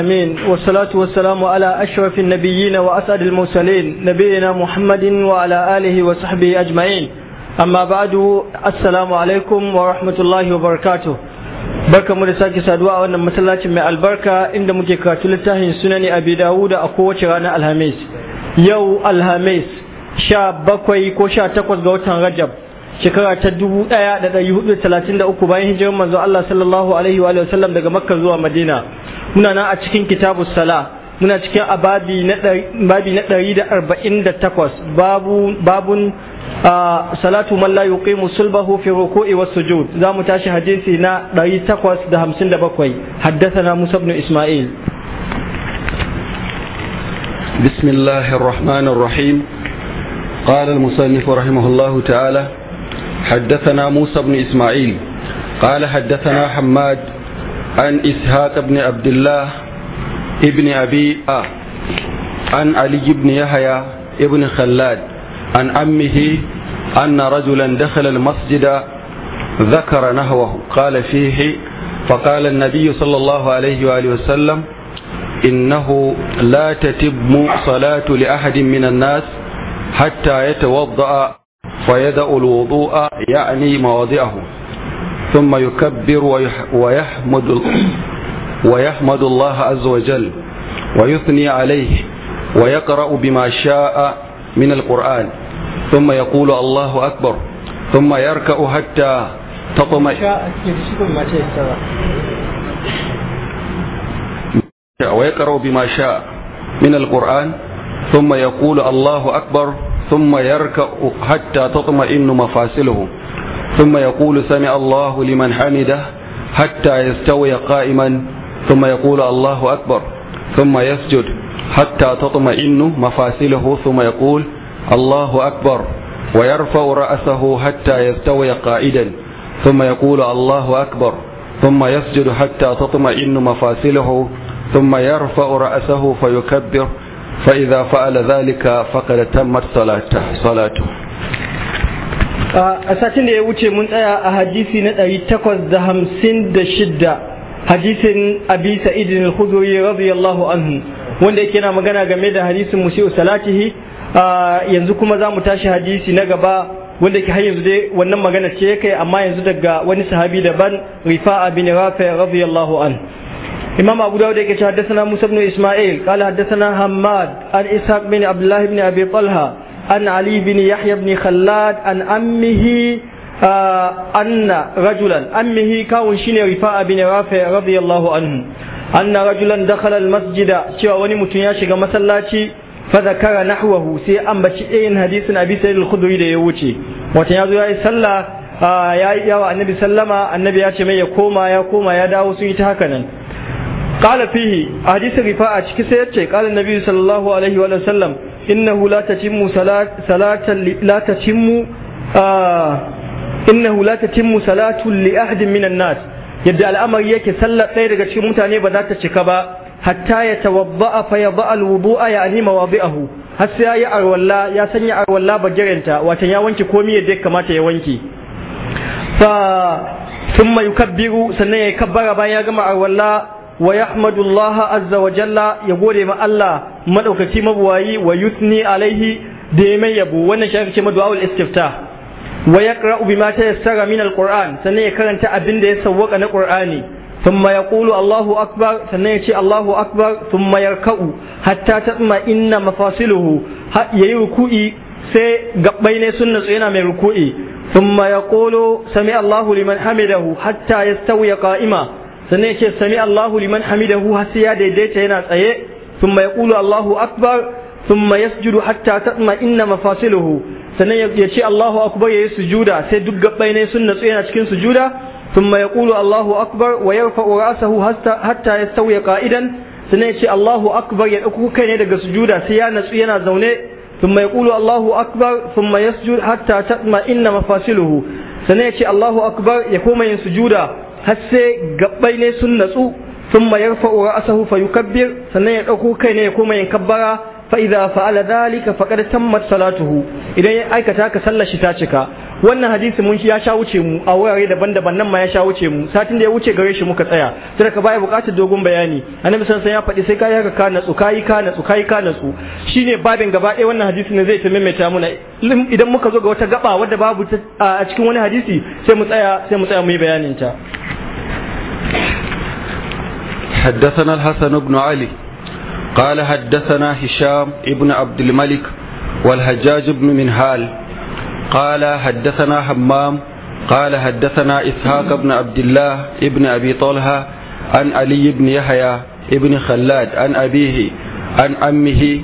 أمين والصلاة والسلام على أشرف النبيين وأسعد المرسلين نبينا محمد وعلى آله وصحبه أجمعين أما بعد السلام عليكم ورحمة الله وبركاته barka mu da sake saduwa a wannan masallacin mai albarka inda muke karatu littafin sunani abi dawuda a kowace ranar alhamis yau alhamis sha bakwai ko sha takwas ga watan rajab shekara ta dubu ɗaya da ɗari hudu talatin da uku bayan hijirar manzo allah sallallahu alaihi wa sallam daga makka zuwa madina muna nan a cikin kitabu sala muna cikin ababi na babi na 148 babu babun salatu man la yuqimu sulbahu fi ruku'i was sujud za mu tashi hadisi na bakwai haddathana musa ibn isma'il بسم الله الرحمن الرحيم قال المصنف رحمه الله تعالى حدثنا موسى بن إسماعيل قال حدثنا حماد عن إسحاق بن عبد الله ابن أبي آه عن علي بن يحيى ابن خلاد عن أمه أن رجلا دخل المسجد ذكر نهوه قال فيه فقال النبي صلى الله عليه وآله وسلم إنه لا تتم صلاة لأحد من الناس حتى يتوضأ فيدأ الوضوء يعني مواضعه ثم يكبر ويحمد ويحمد الله عز وجل ويثني عليه ويقرأ بما شاء من القرآن ثم يقول الله أكبر ثم يركأ حتى تطمئن ويقرأ بما شاء من القرآن ثم يقول الله أكبر ثم يركأ حتى تطمئن مفاصله ثم يقول سمع الله لمن حمده حتى يستوي قائما ثم يقول الله أكبر ثم يسجد حتى تطمئن مفاصله ثم يقول الله أكبر ويرفع رأسه حتى يستوي قائدا ثم يقول الله أكبر ثم يسجد حتى تطمئن مفاصله ثم يرفع رأسه فيكبر فإذا فعل ذلك فقد تمت صلاته, صلاته a satin da ya wuce mun tsaya a hadisi na ɗari takwas da hamsin da shidda hadisin abi sa'idin al-khudri radiyallahu anhu wanda yake na magana game da hadisin musiu salatihi yanzu kuma za mu tashi hadisi na gaba wanda ke yanzu dai wannan magana ce kai amma yanzu daga wani sahabi daban rifa'a bin rafi radiyallahu anhu إمام أبو داود يقول حدثنا موسى بن isma'il قال haddasa na hamad an Ishaq bin Abdullah بن Abi Talha an ali bin yahya bin khallad an ammihi anna rajulan ammihi kaun shine rifa'a cewa wani mutum ya shiga masallaci fa zakara nahwahu sai an bace ayin hadisi na bisa al khudri da ya wuce ya yazo yayi salla yayi yawa annabi sallama annabi ya ce mai ya koma ya koma ya dawo su yi ta haka nan qala fihi hadisi rifa'a cikin sai ya ce nabi sallallahu alaihi wa sallam Inna la tatimmu salatan la li ahadin minan nas yadda al'amari yake sallar ɗaya daga cikin mutane ba za ta cika ba hatta ya tawabba'a fa ya ba'al wudu'a ya anima wadi'ahu har sai yayi arwalla ya sanya arwalla bagirinta wato ya wanke komai yadda ya kamata ya wanke fa thumma yukabbiru sannan ya kabbara bayan ya gama arwalla wa yahmadu Allah azza wa jalla ya gode ma Allah madaukaki mabuwayi wa yuthni alaihi da mai yabo wannan shi ake cewa du'a ul istifta wa yaqra'u bima tayassara min alquran sannan ya karanta abin da ya sawwaka na qur'ani thumma yaqulu Allahu akbar sannan ya ce Allahu akbar thumma yarka'u hatta tatma inna mafasiluhu yayi ruku'i sai gabbai ne sun natsu yana mai ruku'i thumma yaqulu sami Allahu liman hamidahu hatta sauya qa'ima sannan yace sami Allahu liman hamidahu har sai ya daidaita yana tsaye thumma yaqulu Allahu akbar thumma yasjudu hatta ta tatma inna mafasiluhu sannan ya ce Allahu akbar ya yayi sujuda sai duk gabbai ne sun natsu yana cikin sujuda thumma yaqulu Allahu akbar wa yarfa'u ra'sahu hatta yastawi qa'idan sannan ya ce Allahu akbar ya dauko kai ne daga sujuda sai ya natsu yana zaune thumma yaqulu Allahu akbar thumma yasjud hatta ta tatma inna mafasiluhu sannan ya ce Allahu akbar ya koma yin sujuda har sai gabbai ne sun natsu thumma fa ra'sahu kabbir sannan ya ɗauko kai ne ya koma yin kabbara fa'iza idza fa'ala dhalika faqad tammat salatuhu idan ya aikata ka sallar shi ta cika wannan hadisi mun shi ya sha wuce mu a wurare daban-daban nan ma ya sha wuce mu satin da ya wuce gare shi muka tsaya sai ka baya bukatar dogon bayani annabi sallallahu ya faɗi sai kai haka ka natsu kai ka natsu kai ka natsu shine babin gaba ɗaya wannan hadisi ne zai ta maimaita muna idan muka zo ga wata gaba wadda babu a cikin wani hadisi sai mu tsaya sai mu tsaya mu yi bayanin ta حدثنا الحسن بن علي قال حدثنا هشام ابن عبد الملك والحجاج بن منهال قال حدثنا همام قال حدثنا إسحاق بن عبد الله ابن أبي طلحة عن علي بن يحيى ابن خلاد عن أبيه عن أمه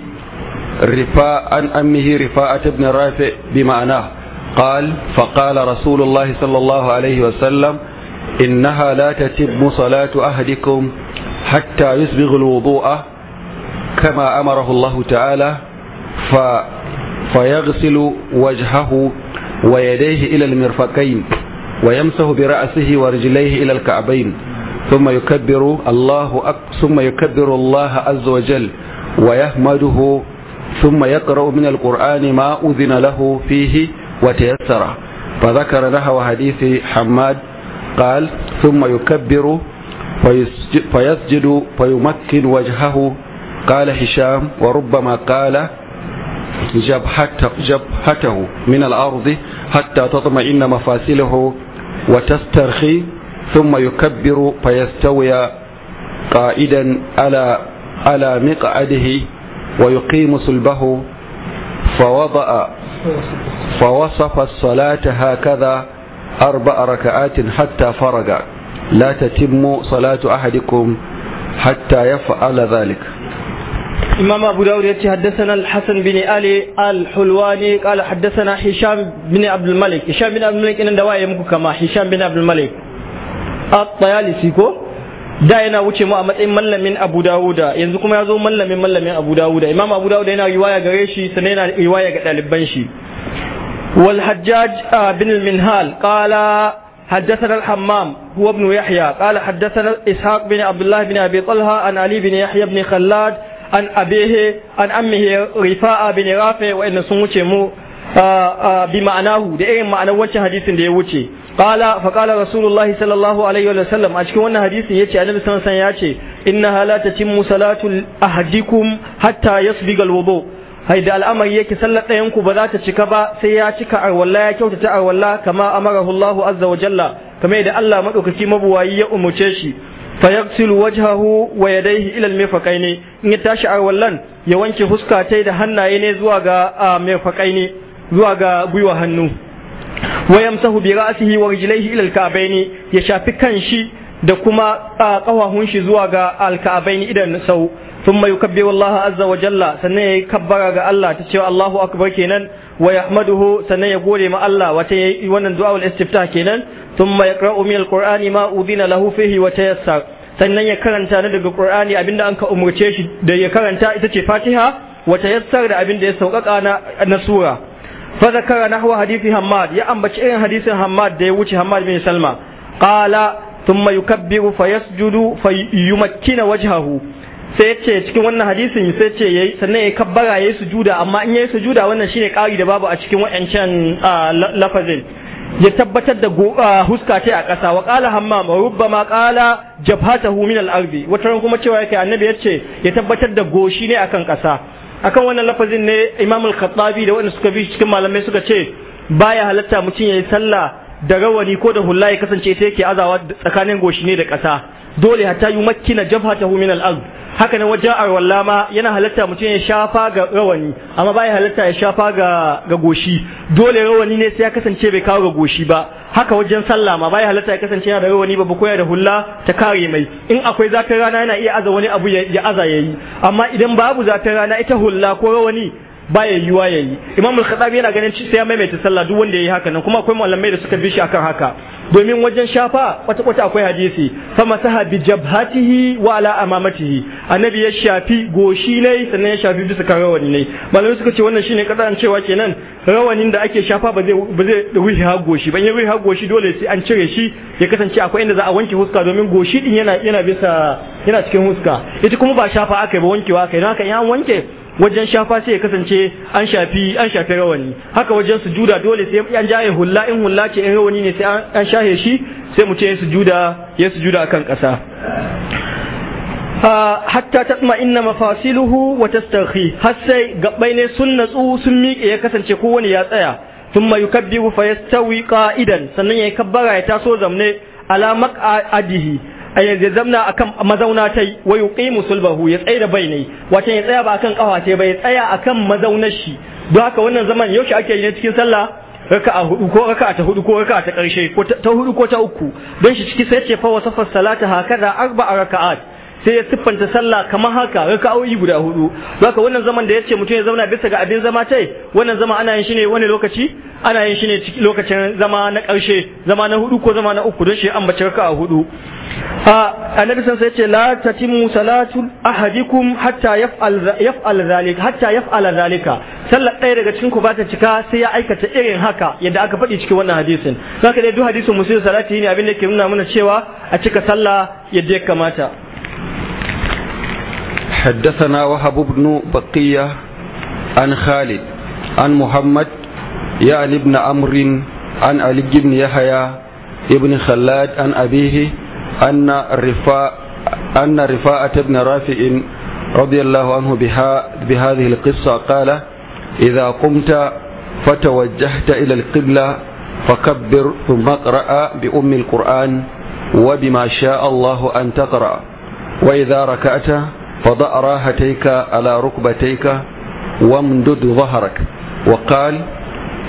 رفاء عن أمه رفاءة بن رافع بمعناه قال فقال رسول الله صلى الله عليه وسلم إنها لا تتم صلاة أهدكم حتى يسبغ الوضوء كما أمره الله تعالى ف فيغسل وجهه ويديه إلى المرفقين ويمسه برأسه ورجليه إلى الكعبين ثم يكبر الله أك... ثم يكبر الله عز وجل ويحمده ثم يقرأ من القرآن ما أذن له فيه وتيسر فذكر نحو حديث حماد قال ثم يكبر فيسجد فيمكن وجهه قال هشام وربما قال جبهته, من الأرض حتى تطمئن مفاصله وتسترخي ثم يكبر فيستوي قائدا على على مقعده ويقيم صلبه فوضع فوصف الصلاة هكذا أربع ركعات حتى فرغ لا تتم صلاة أحدكم حتى يفعل ذلك إمام أبو داود يأتي حدثنا الحسن بن علي الحلواني قال حدثنا هشام بن عبد الملك هشام بن عبد الملك إن دواية مكو كما هشام بن عبد الملك الطيالسي كو da yana wuce mu a matsayin mallamin Abu Dawuda yanzu kuma ya zo mallamin mallamin Abu Dawuda Imam Abu Dawuda yana riwaya gare shi sannan yana riwaya ga ɗaliban shi wal Hajjaj bin Minhal qala حدثنا الحمام هو ابن يحيى قال حدثنا إسحاق بن عبد الله بن أبي طلحة عن علي بن يحيى بن خلاد an abehe an ammihi rifa'a bin rafi wa'annan sun wuce mu bi ma'anahu da irin ma'anar wancan hadisin da ya wuce qala fa qala rasulullah sallallahu alaihi wa sallam a cikin wannan hadisin yace annabi sallallahu alaihi wa ce yace inna la tatimmu salatu ahadikum hatta yasbiga alwudu hai da al'amari yake sallar ɗayan ku ba za ta cika ba sai ya cika arwalla ya kyautata arwalla kama amarahu Allah azza wa jalla kamar da Allah madaukaki mabuwayi ya umurce shi fayaghsilu wajhahu wa yadayhi ila al-mirfaqaini in ya tashi a wallan ya wanke huska tai da hannaye ne zuwa ga mifaqaini zuwa ga gwiwa hannu wa yamsahu bi ra'sihi wa rijlaihi ila al ya shafi kanshi da kuma kafafun shi zuwa ga al idan sau thumma yukabbiru Allah azza wa jalla sannan ya kabbara ga Allah ta cewa Allahu akbar kenan wa yahmaduhu sannan ya gode ma Allah wata yayi wannan du'a ul istiftah kenan thumma yaqra'u min alqur'ani ma udina lahu fihi wa tayassar sannan ya karanta ne daga qur'ani abinda an ka umurce shi da ya karanta ita ce fatiha wa tayassar da abinda ya sauƙaƙa na na sura fa zakara nahwa hadisi hammad ya ambaci irin hadisin hammad da ya wuce hammad bin salma qala thumma yukabbiru fayasjudu fayumakkina wajhahu sai ya ce cikin wannan hadisin sai ce yayi sannan ya kabbara yayi sujuda amma in ya yayi sujuda wannan shine kari da babu a cikin wa'ancan lafazin ya tabbatar da huska ce a ƙasa wa qala hammam rubbama qala jabhatahu min al-ardi wata kuma cewa yake annabi ya ce ya tabbatar da goshi ne akan ƙasa akan wannan lafazin ne Imam al da waɗanda suka bi cikin malamai suka ce baya halatta mutum yayi sallah da rawani ko da hulla ya kasance sai yake azawa tsakanin goshi ne da ƙasa dole hatta makina jabhatahu min al-ard haka wajen waja'ar wallama yana halatta mutum ya shafa ga rawani amma bai halatta ya shafa ga ga goshi dole rawani ne sai ya kasance bai kawo ga goshi ba haka wajen sallah ma bai halatta ya kasance yana da rawani ba ko da hulla ta kare mai in akwai zafin rana yana iya aza wani abu ya aza yayi amma idan babu zafin rana ita hulla ko rawani baya yiwa yi imam al-khatabi yana ganin ci sai ya maimaita sallah duk wanda yayi haka nan kuma akwai malamai da suka bi shi akan haka domin wajen shafa kwata kwata akwai hadisi fa masaha bi jabhatihi wa ala amamatihi annabi ya shafi goshi ne sannan ya shafi bisa kan rawani ne malamai suka ce wannan shine kadan cewa kenan rawanin da ake shafa ba zai ba zai ruhi ha goshi ban ya ruhi ha goshi dole sai an cire shi ya kasance akwai inda za a wanke huska domin goshi din yana yana bisa yana cikin huska ita kuma ba shafa akai yi ba wankewa aka don haka in an wanke wajen shafa sai ya kasance an shafi an shafi rawani haka wajen sujuda dole sai an jaye hulla in hulla ce in rawani ne sai an shahe shi sai mu ce ya sujuda ya sujuda akan ƙasa hatta tatma inna mafasiluhu wa tastahi har sai gabbai ne sun natsu sun miƙe ya kasance kowane ya tsaya thumma yukabbiru fa yastawi qa'idan sannan ya kabbara ya taso zamne ala maq'adihi A yanzu zamna akan mazauna tai wa yuqimu sulbahu ya tsaya da bainai wato ya tsaya ba kan kafa ce ba ya tsaya akan mazaunar shi don haka wannan zaman yaushe ake yi ne cikin sallah raka'a hudu ko raka'a ta hudu ko raka'a ta karshe ko ta hudu ko ta uku don shi ciki sai ce fa wasafar salata hakada arba raka'at sai ya siffanta sallah kamar haka raka'o'i guda hudu haka wannan zaman da yace mutum ya zauna bisa ga abin zama tai wannan zama ana yin shi ne wani lokaci ana yin shi ne lokacin zama na karshe zama na hudu ko zama na uku don shi an bace raka'a hudu a annabi sun ce la tatimu salatu ahadikum hatta yaf'al yaf'al zalika hatta yaf'al zalika sallar ɗaya daga cikin ku ba ta cika sai ya aikata irin haka yadda aka faɗi cikin wannan hadisin haka dai duk hadisin musulun salati ne abin da ke nuna mana cewa a cika sallah yadda ya kamata حدثنا وهب بن بقية عن خالد عن محمد يعني ابن عمرو عن علي بن يحيى ابن خلاد عن أبيه أن رفاء أن رفاءة بن رافع رضي الله عنه بها بهذه القصة قال إذا قمت فتوجهت إلى القبلة فكبر ثم اقرأ بأم القرآن وبما شاء الله أن تقرأ وإذا ركعت فضع راحتيك على ركبتيك وامدد ظهرك وقال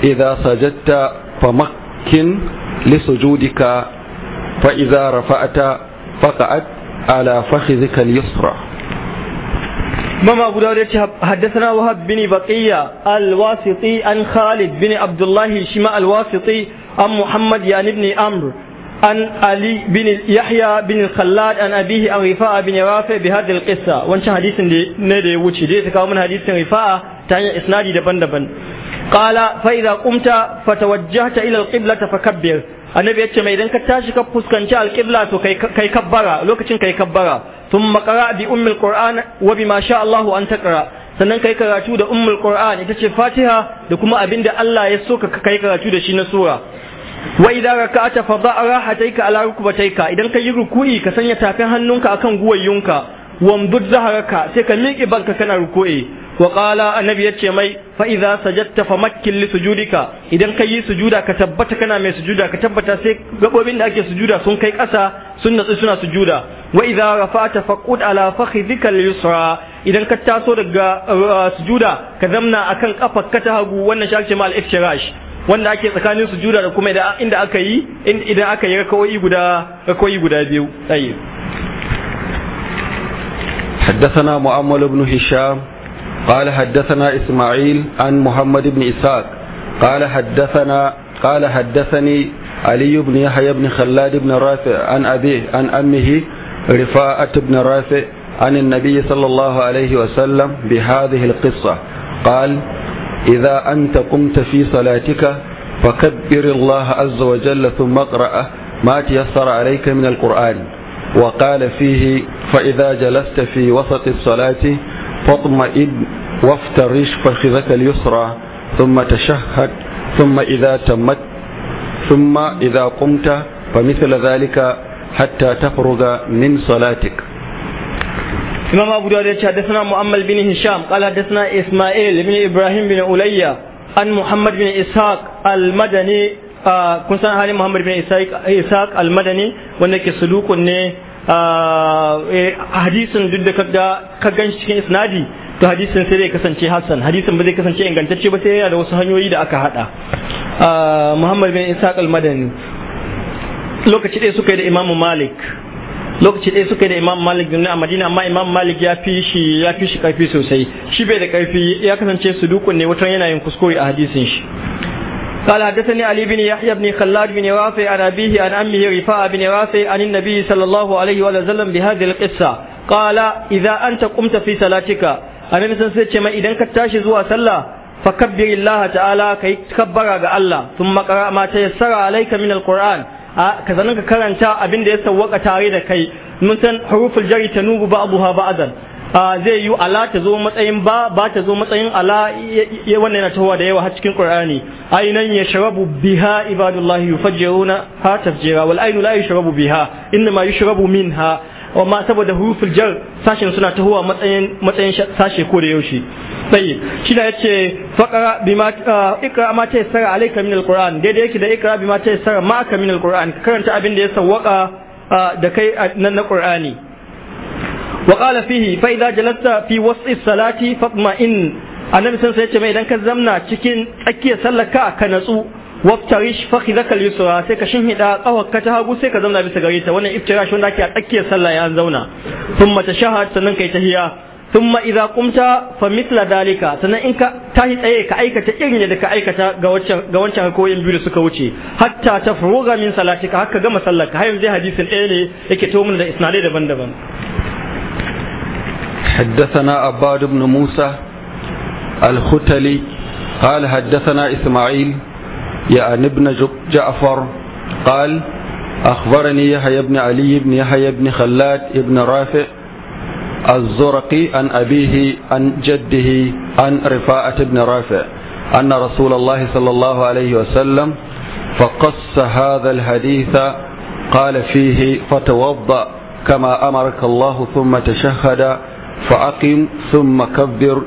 إذا سجدت فمكن لسجودك fa iza rafa'ata faqa'at ala fakhidhika al-yusra امام ابو داود حدثنا وهب بن بقية الواسطي عن خالد بن عبد الله الشماء الواسطي عن محمد يعني بن عمرو عن علي بن يحيى بن الخلاد عن أبيه عن رفاعة بن رافع بهذه القصة وانش حديث ندي وشي دي تكاو من حديث رفاعة تاني إسنادي دبن دبن قال فإذا قمت فتوجهت إلى القبلة فكبر annabi ya ce mai idan ka tashi ka fuskanci alƙibla to kai kabbara lokacin kai kabbara tun makara bi ummul qur'an wa bi ma sha Allahu an taqra sannan kai karatu da ummul qur'an ita ce fatiha da kuma abin da Allah ya so ka kai karatu da shi na sura wa idza raka'ata fa da'a rahataika ala rukbatayka idan ka yi ruku'i ka sanya tafin hannunka akan guwayyunka wamdud zaharaka sai ka miƙe banka kana ruku'i wa qala annabi yace mai fa idza sajadta famakkil li sujudika idan ka yi sujuda ka tabbata kana mai sujuda ka tabbata sai gabobin da ake sujuda sun kai ƙasa sun natsu suna sujuda wa idza rafa'ta faqud ala fakhidhika yusra idan ka taso daga uh, sujuda ka zamna akan ka ta hagu wannan shi ake ma al iftirash wanda ake tsakanin sujuda da kuma inda aka yi idan aka yi rakawai guda rakawai guda biyu tsaye حدثنا معمر بن قال حدثنا إسماعيل عن محمد بن إسحاق قال حدثنا قال حدثني علي بن يحيى بن خلاد بن رافع عن أبيه عن أمه رفاعة بن رافع عن النبي صلى الله عليه وسلم بهذه القصة قال إذا أنت قمت في صلاتك فكبر الله عز وجل ثم اقرأ ما تيسر عليك من القرآن وقال فيه فإذا جلست في وسط الصلاة فاطمئن وافترش فخذك اليسرى ثم تشهد ثم إذا تمت ثم إذا قمت فمثل ذلك حتى تفرغ من صلاتك إمام أبو داود حدثنا مؤمل بن هشام قال حدثنا إسماعيل بن إبراهيم بن أولية عن محمد بن إسحاق المدني kun san halin Muhammad bin Ishaq al-Madani wanda ke sudukun ne Eh, eh, hadisin duk da ka gan shi cikin isnadi to hadisin sai zai kasance hassan hadisin ba zai kasance ingantacce ba sai yana da wasu hanyoyi da aka hada ah, muhammad bin isaac al-madani lokaci ɗaya suka yi da imam malik lokaci ɗaya suka yi da imam malik da a madina amma imam malik ya fi shi ya fi shi karfi sosai shi bai da karfi ya kasance su dukun ne wata yana yin kuskure a hadisin shi قال حدثني علي بن يحيى بن خلاد بن رافع عن أبيه عن أمه رفاعة بن رافع عن النبي صلى الله عليه وسلم بهذه القصة قال إذا أنت قمت في صلاتك أنا مثلا سيتش ما إذا كتاشي زوا صلى فكبر الله تعالى كي تكبر على الله ثم قرأ ما تيسر عليك من القرآن ka sanin ka karanta abin da ya sawwaka tare da kai mun san huruful jari tanubu ba'daha ba'dan Ah, zai yi ala ta zo matsayin ba ba ta zo matsayin ala wannan yana tawa da yawa har cikin qur'ani ainan ya sharabu biha ibadullahi yufajjiruna ha tafjira wal ainu la yashrabu biha inma yashrabu minha amma saboda huruful jar sashen suna tahowa matsayin matsayin sashe ko da yaushe sai shi da yace faqara bima ah, ikra ma ta yassara alayka min alquran daidai yake da ikra bima ta yassara ma ka min alquran karanta abin da ya sawwaka ah, da kai nan na qur'ani وقال فيه فإذا جلست في وسط الصلاة فاطمئن النبي صلى الله عليه وسلم cikin tsakiyar تكين ka ka كنسو waftarish fakhidaka al-yusra sai ka shinhida ka ta hagu sai ka zauna bisa gareta ta wannan iftirash wanda ake a tsakiyar sallah ya zauna thumma tashahhad sannan kai tahiyya thumma idza qumta fa mithla dalika sannan in ka tahi tsaye ka aikata irin da ka aikata ga wancan ga wancan biyu da suka wuce hatta tafruga min salatika haka gama sallarka har yanzu hadisin ɗaya ne yake to mun da isnadai daban-daban حدثنا عباد بن موسى الختلي قال حدثنا إسماعيل يعني ابن جعفر قال أخبرني يحيى بن علي بن يحيى بن خلاد بن رافع الزرقي عن أبيه عن جده عن رفاعة بن رافع أن رسول الله صلى الله عليه وسلم فقص هذا الحديث قال فيه فتوضأ كما أمرك الله ثم تشهد فأقم ثم كبر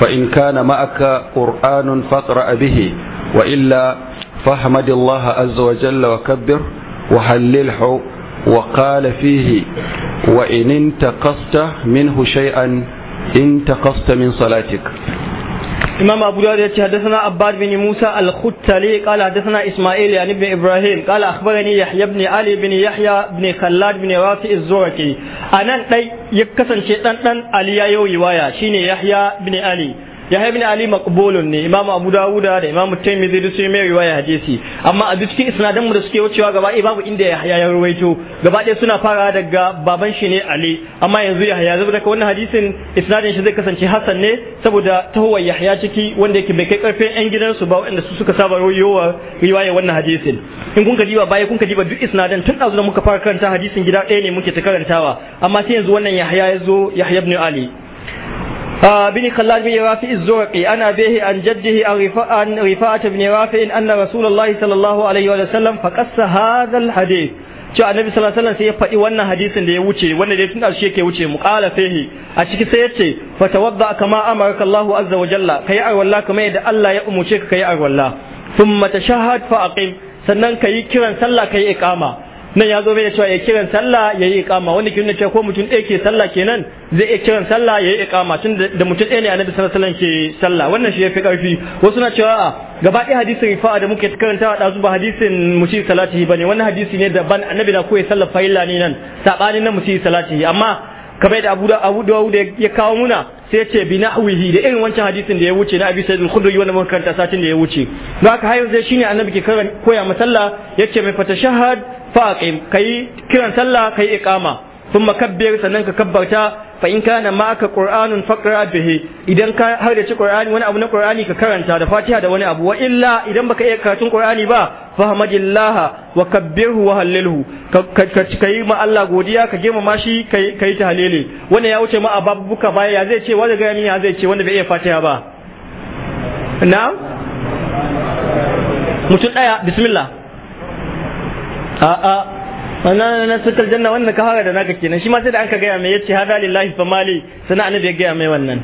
فإن كان معك قرآن فاقرأ به وإلا فاحمد الله عز وجل وكبر وهلله وقال فيه وإن انتقصت منه شيئا انتقصت من صلاتك إمام أبو داود حدثنا عباد بن موسى الختلي قال حدثنا إسماعيل يعني بن إبراهيم قال أخبرني يحيى بن علي بن يحيى بن خلاد بن رافع الزركي أنا دي يكسن شيطان علي يو رواية شيني يحيى بن علي ya ne ali makbulun ne imamu abu dawuda da imamu tirmidhi zai sun mai riwaya hadisi amma a cikin isnadan mu da suke wucewa gaba ɗaya babu inda yahya ya ruwaito gaba ɗaya suna fara daga baban shi ne ali amma yanzu yahya zai daga wannan hadisin isnadin shi zai kasance hasan ne saboda tahowar yahya ciki wanda yake bai kai karfin yan gidansu ba wanda su suka saba yiwuwa riwaya wannan hadisin in kun ka diba baya kun ka diba duk isnadan tun da muka fara karanta hadisin gida ɗaya ne muke ta karantawa amma sai yanzu wannan yahya ya zo yahya ibn ali بن خلاد بن رافع الزرقي أنا به عن جده عن رفاعة بن رافع أن رسول الله صلى الله عليه وسلم فقص هذا الحديث cewa annabi sallallahu alaihi wasallam sai ya faɗi wannan hadisin da ya wuce wanda dai tun da shi yake wuce muqala fihi a ciki sai yace fatawadda kama amarka Allahu azza wa jalla kai arwalla kama yadda Allah ya umuce ka kai arwala. thumma tashahhad fa aqim sannan kai kiran sallah kai iqama nan ya zo bai da cewa ya kiran sallah ya yi ikama wanda kin da cewa ko mutum ɗaya ke sallah kenan zai iya kiran sallah ya yi ikama tun da mutum ɗaya ne annabi sallallahu ke sallah wannan shi ya fi ƙarfi. wasu na cewa a gaba ɗaya hadisin rifa'a da muke karantawa ɗazu ba hadisin mushi salatihi ne wannan hadisi ne daban annabi na koyi sallah fa'ila ne nan saɓanin na mushi salatihi amma kamar da Abu Abu da ya kawo muna sai ya ce bi na nahwihi da irin wancan hadisin da ya wuce na Abi sai al-Khudri wanda muka karanta satin da ya wuce don haka har yanzu shine annabi ke koya masalla yace mai fatashahad faqim kai kiran sallah kai iqama thumma kabbir sannan ka kabbarta fa in kana ma'aka qur'anun faqra bihi idan ka har da ci qur'ani wani abu na qur'ani ka karanta da fatiha da wani abu wa illa idan baka iya karatun qur'ani ba fahmadillaha wa kabbirhu wa hallilhu ka kai ma Allah godiya ka gema mashi kai kai ta halele wanda ya wuce ma ababbuka baya ya zai ce wanda ga ya zai ce wanda bai iya fatiha ba na mutum daya bismillah a'a wannan nan sukal janna wannan ka fara da naka kenan shi ma sai da an ka gaya mai yace hada lillahi fa mali sana annabi ya gaya mai wannan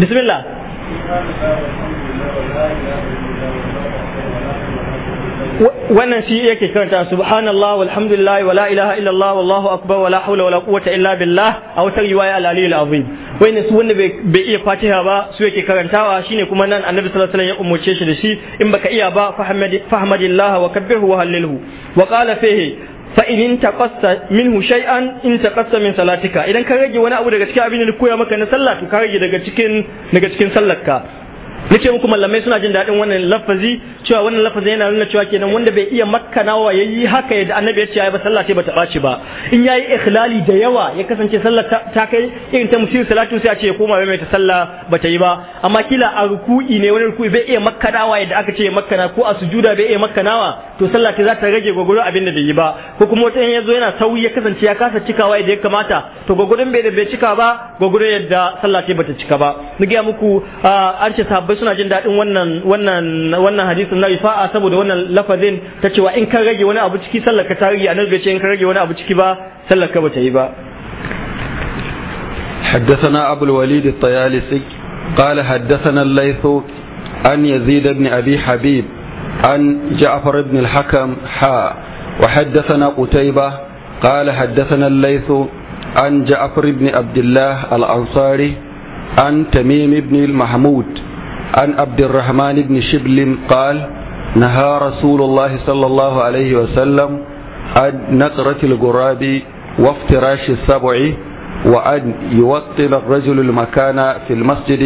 bismillah wannan shi yake karanta subhanallah walhamdulillah wala ilaha illallah wallahu akbar wala hawla wala quwwata illa billah aw tayyib al aliyyil azim wayne su wanda bai iya fatiha ba su yake karantawa shine kuma nan annabi sallallahu alaihi wasallam ya umurce shi da shi in baka iya ba fahmadillah wa kabbirhu wa hallilhu wa qala fihi fa in taqassa minhu shay'an in min salatika idan ka rage wani abu daga cikin abin da koya maka na sallah to ka rage daga cikin daga cikin sallarka nake muku mallamai suna jin daɗin wannan lafazi cewa wannan lafazi yana nuna cewa kenan wanda bai iya ya yayi haka yadda annabi ya ce ba sallah ce bata ɓaci ba in ya yi ikhlali da yawa ya kasance sallar ta kai irin ta musu salatu sai a ce ya koma mai ta sallah bata yi ba amma kila a ruku'i ne wani ruku'i bai iya nawa yadda aka ce na ko a sujuda bai iya nawa to sallah ta za ta rage gwagwaro abin da bai yi ba ko kuma wata ya zo yana sauyi ya kasance ya kasa cikawa da ya kamata to gogoro bai da bai cika ba gogoro yadda sallah ce bata cika ba na gaya muku ah, an ce sahabbai suna jin daɗin wannan wannan wannan hadisin na rifa'a saboda wannan lafazin ta cewa in ka rage wani abu ciki sallar ka tarihi a annabi bai in ka rage wani abu ciki ba sallar ka bata yi ba حدثنا أبو الوليد الطيالسي قال حدثنا الليث عن يزيد بن أبي حبيب عن جعفر بن الحكم حا وحدثنا قتيبة قال حدثنا الليث عن جعفر بن عبد الله الأنصاري عن تميم بن المحمود عن عبد الرحمن بن شبل قال نهى رسول الله صلى الله عليه وسلم عن نقرة الغراب وافتراش السبع وأن يوطن الرجل المكان في المسجد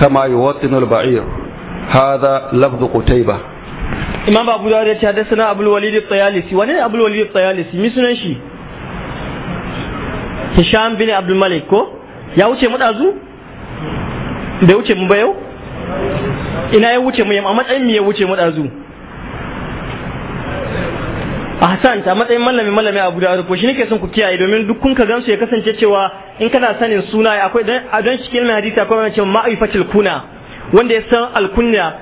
كما يوطن البعير هذا لفظ قتيبة إمام أبو داود حدثنا أبو الوليد الطيالسي وين أبو الوليد الطيالسي مسنا شي هشام بن عبد الملك كو يا وجه مدازو bai wuce mu ba yau ina ya wuce mu a matsayin mu ya wuce mu dazu hasan ta matsayin mallami mallami abu da ko shi nake son ku kiyaye domin duk kun ka gansu ya kasance cewa in kana sanin suna akwai dan a don cikin hadisi akwai wani cewa ma'rifatul kuna wanda ya san alkunya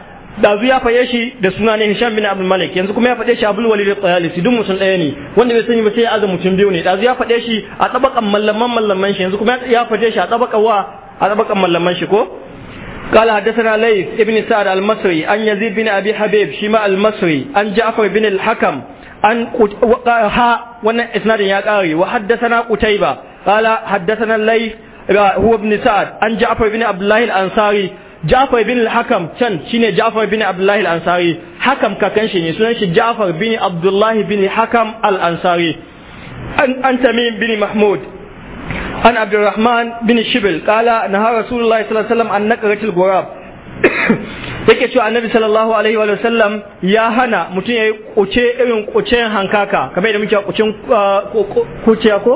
dazu ya faye shi da suna ne Hisham bin Abdul Malik yanzu kuma ya faɗe shi Abdul Walid al-Qayalisi duk mutum ɗaya ne wanda bai sani ba sai ya aza mutum biyu ne dazu ya faɗe shi a tabakan mallaman mallaman shi yanzu kuma ya faɗe shi a tabakan wa a tabakan mallaman shi ko قال حدثنا ليث ابن سعد المصري عن يزيد بن أبي حبيب شيماء المصري عن جعفر بن الحكم عن ها وانا اسناد يا قاري وحدثنا قتيبة قال حدثنا الليث هو ابن سعد عن جعفر بن عبد الله الأنصاري Ja'far bin al-Hakam can shine Ja'far bin Abdullah al-Ansari Hakam kakan shi ne sunan shi Ja'far bin Abdullah bin Hakam al-Ansari an, an Tamim bin Mahmud عن عبد الرحمن بن شبل قال نهى رسول الله صلى الله عليه وسلم عن نقرة الغراب yake cewa annabi sallallahu alaihi wa sallam ya hana mutum yayi kuce irin kucen hankaka kamar yadda muke kucin kuciya ko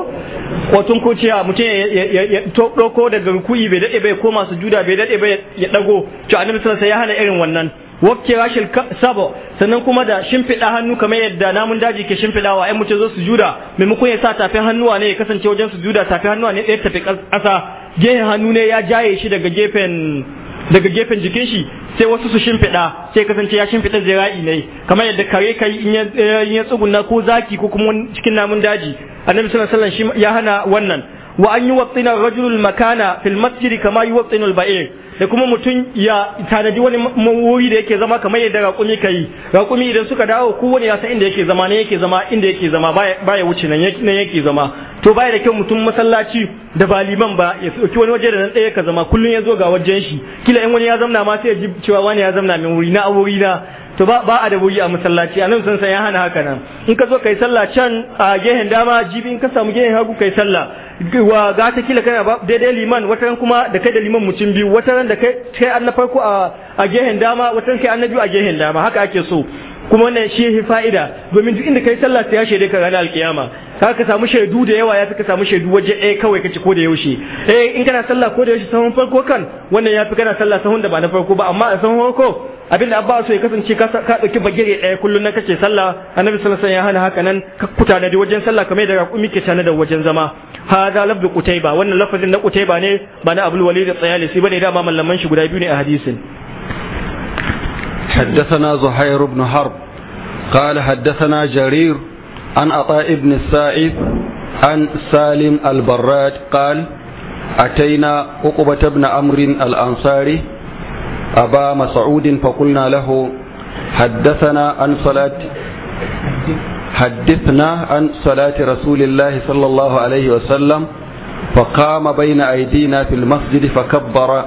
kotun kuciya mutum ya doko daga rukuyi bai dade bai koma sujuda bai dade bai ya dago to annabi sallallahu alaihi wa sallam ya hana irin wannan Wakke shil sabo sannan kuma da shimfiɗa hannu kamar yadda namun daji ke shimfiɗawa yan mutum zo su juda maimakon ya sa tafin hannuwa ne ya kasance wajen su juda tafin hannuwa ne ɗaya tafi ƙasa gehen hannu ne ya jaye shi daga gefen daga gefen jikin shi sai wasu su shimfiɗa sai kasance ya shimfiɗa ra'i ne kamar yadda kare kai in ya eh, tsuguna ko zaki ko kuma cikin namun daji annabi sallallahu alaihi wasallam ya hana wannan wa an yuwattina rajulul makana fil masjid kama yuwattinul ba'ir da kuma mutum ya tanadi wani wuri da yake zama kamar yadda raƙumi ka yi raƙumi idan suka dawo kowane ya san inda yake zama ne yake zama inda yake zama baya wuce nan yake zama to baya da kyau mutum masallaci da ba liman ba ya sauki wani waje da nan ɗaya ka zama kullum ya zo ga wajen shi kila in wani ya zamna ma sai ya ji cewa wani ya zamna min wuri na a wuri na to ba ba a da bogi a masallaci anan sun san ya hana haka nan in ka zo kai sallah can a gehen dama jibi in ka samu gehen hagu kai sallah wa ga ta kila kana daidai liman wataran kuma da kai da liman mutum biyu wataran da kai kai an na farko a a gehen dama wataran kai an na biyu a gehen dama haka ake so kuma wannan shi yafi fa'ida domin duk inda kai sallah sai ya shaide ka ranar alkiyama ka ka samu shaidu da yawa ya fi ka samu shaidu waje ɗaya kawai kace ko da yaushe eh in kana sallah ko da yaushe sahun farko kan wannan ya fi kana sallah sahun da ba na farko ba amma a sahun farko abinda abba so ya kasance ka dauki bagire ɗaya kullun na kake sallah annabi sallallahu ya hana haka nan ka kutana da wajen sallah kamar da raƙumi ke tana da wajen zama hada labdu qutayba wannan lafazin na qutayba ne ba na abul walid tsayalisi bane da ma mallaman shi guda biyu ne a hadisin حدثنا زهير بن حرب قال حدثنا جرير عن عطاء بن السائب عن سالم البراد قال أتينا عقبة بن عمرو الأنصاري أبا مسعود فقلنا له حدثنا عن صلاة حدثنا عن صلاة رسول الله صلى الله عليه وسلم فقام بين أيدينا في المسجد فكبر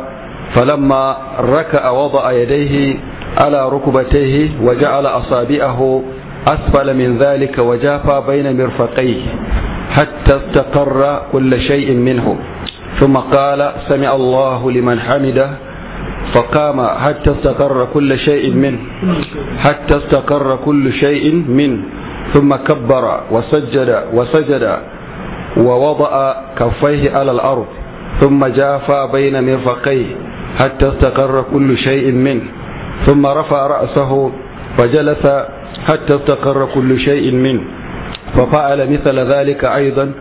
فلما ركع وضع يديه على ركبتيه وجعل أصابعه أسفل من ذلك وجافى بين مرفقيه حتى استقر كل شيء منه ثم قال سمع الله لمن حمده فقام حتى استقر كل شيء منه حتى استقر كل شيء منه ثم كبر وسجد وسجد ووضع كفيه على الأرض ثم جافى بين مرفقيه حتى استقر كل شيء منه ثم رفع رأسه فجلس حتى استقر كل شيء منه ففعل مثل ذلك أيضا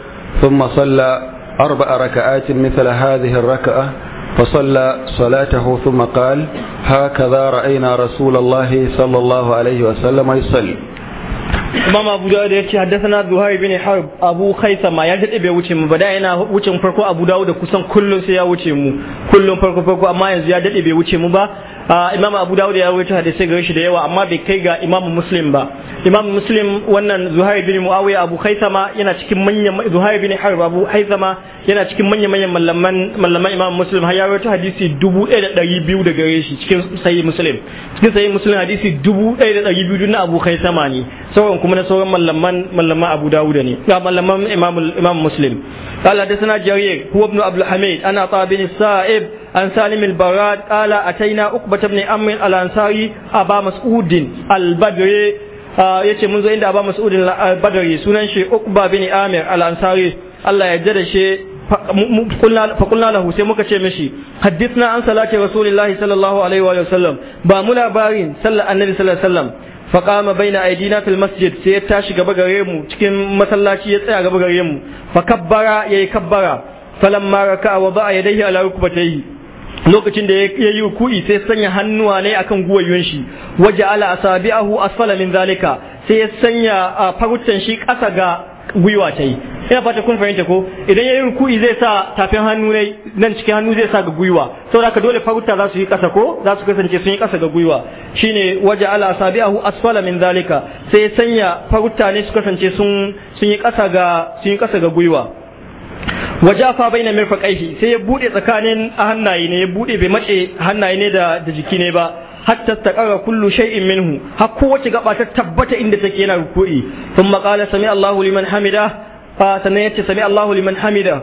ثم صلى أربع ركعات مثل هذه الركعة فصلى صلاته ثم قال هكذا رأينا رسول الله صلى الله عليه وسلم يصلي Imam Abu Dawud ya ce haddathana Zuhair bin Harb Abu Khaisama ya dade bai wuce mu ba da yana wucin farko Abu Dawud kusan kullun sai ya wuce mu kullun farko farko amma yanzu ya dade bai wuce mu ba Imam Abu Dawud ya rawaito hadisi ga shi da yawa amma bai kai ga Imam Muslim ba imam muslim wannan zuhair bin muawiya abu haithama yana cikin manyan zuhair bin harb abu haithama yana cikin manyan manyan mallaman mallaman imam muslim har ya rawaito hadisi 1200 da gare shi cikin sahih muslim cikin sahih muslim hadisi 1200 na abu haithama ne sauran kuma na sauran mallaman mallaman abu dawud ne ga mallaman imam imam muslim قال huwa ibn abdul hamid ana الحميد sa'ib an salim al barad qala البراد قال ibn amr al ansari aba ابا al badri Ah, yace mun zo inda ba mas'udin badari sunan shi ukba bin amir al ansari Allah ya jada shi fakulna lahu sai muka ce mishi haddithna an salati rasulillahi sallallahu alaihi wa sallam ba mu labarin sallar annabi sallallahu alaihi wa sallam faƙama bai na aidina fil masjid sai ya tashi gaba gare mu cikin masallaci ya tsaya gaba gare mu fa kabbara yayi kabbara falamma raka'a wa ba'a yadayhi ala rukbatayhi lokacin da ya yi ku'i sai sanya hannuwa ne akan guwayyun shi waje ala ahu asfala min zalika sai ya sanya farutan shi ƙasa ga gwiwa ta yi ina fata kun fahimta ko idan ya yi ruku'i zai sa tafin hannu ne nan cikin hannu zai sa ga gwiwa saboda ka dole faruta za su yi ƙasa ko za su kasance sun yi ƙasa ga gwiwa shine waje ala ahu asfala min zalika sai ya sanya faruta ne su kasance sun yi ƙasa sun yi ƙasa ga gwiwa wajafa baina mirfaqaihi sai ya bude tsakanin hannaye ne ya bude bai matse hannaye ne da jiki ne ba hatta taqara kullu shay'in minhu har kowace gaba ta tabbata inda take yana ruku'i sun qala sami Allahu liman hamida sannan ya ce sami Allahu liman hamida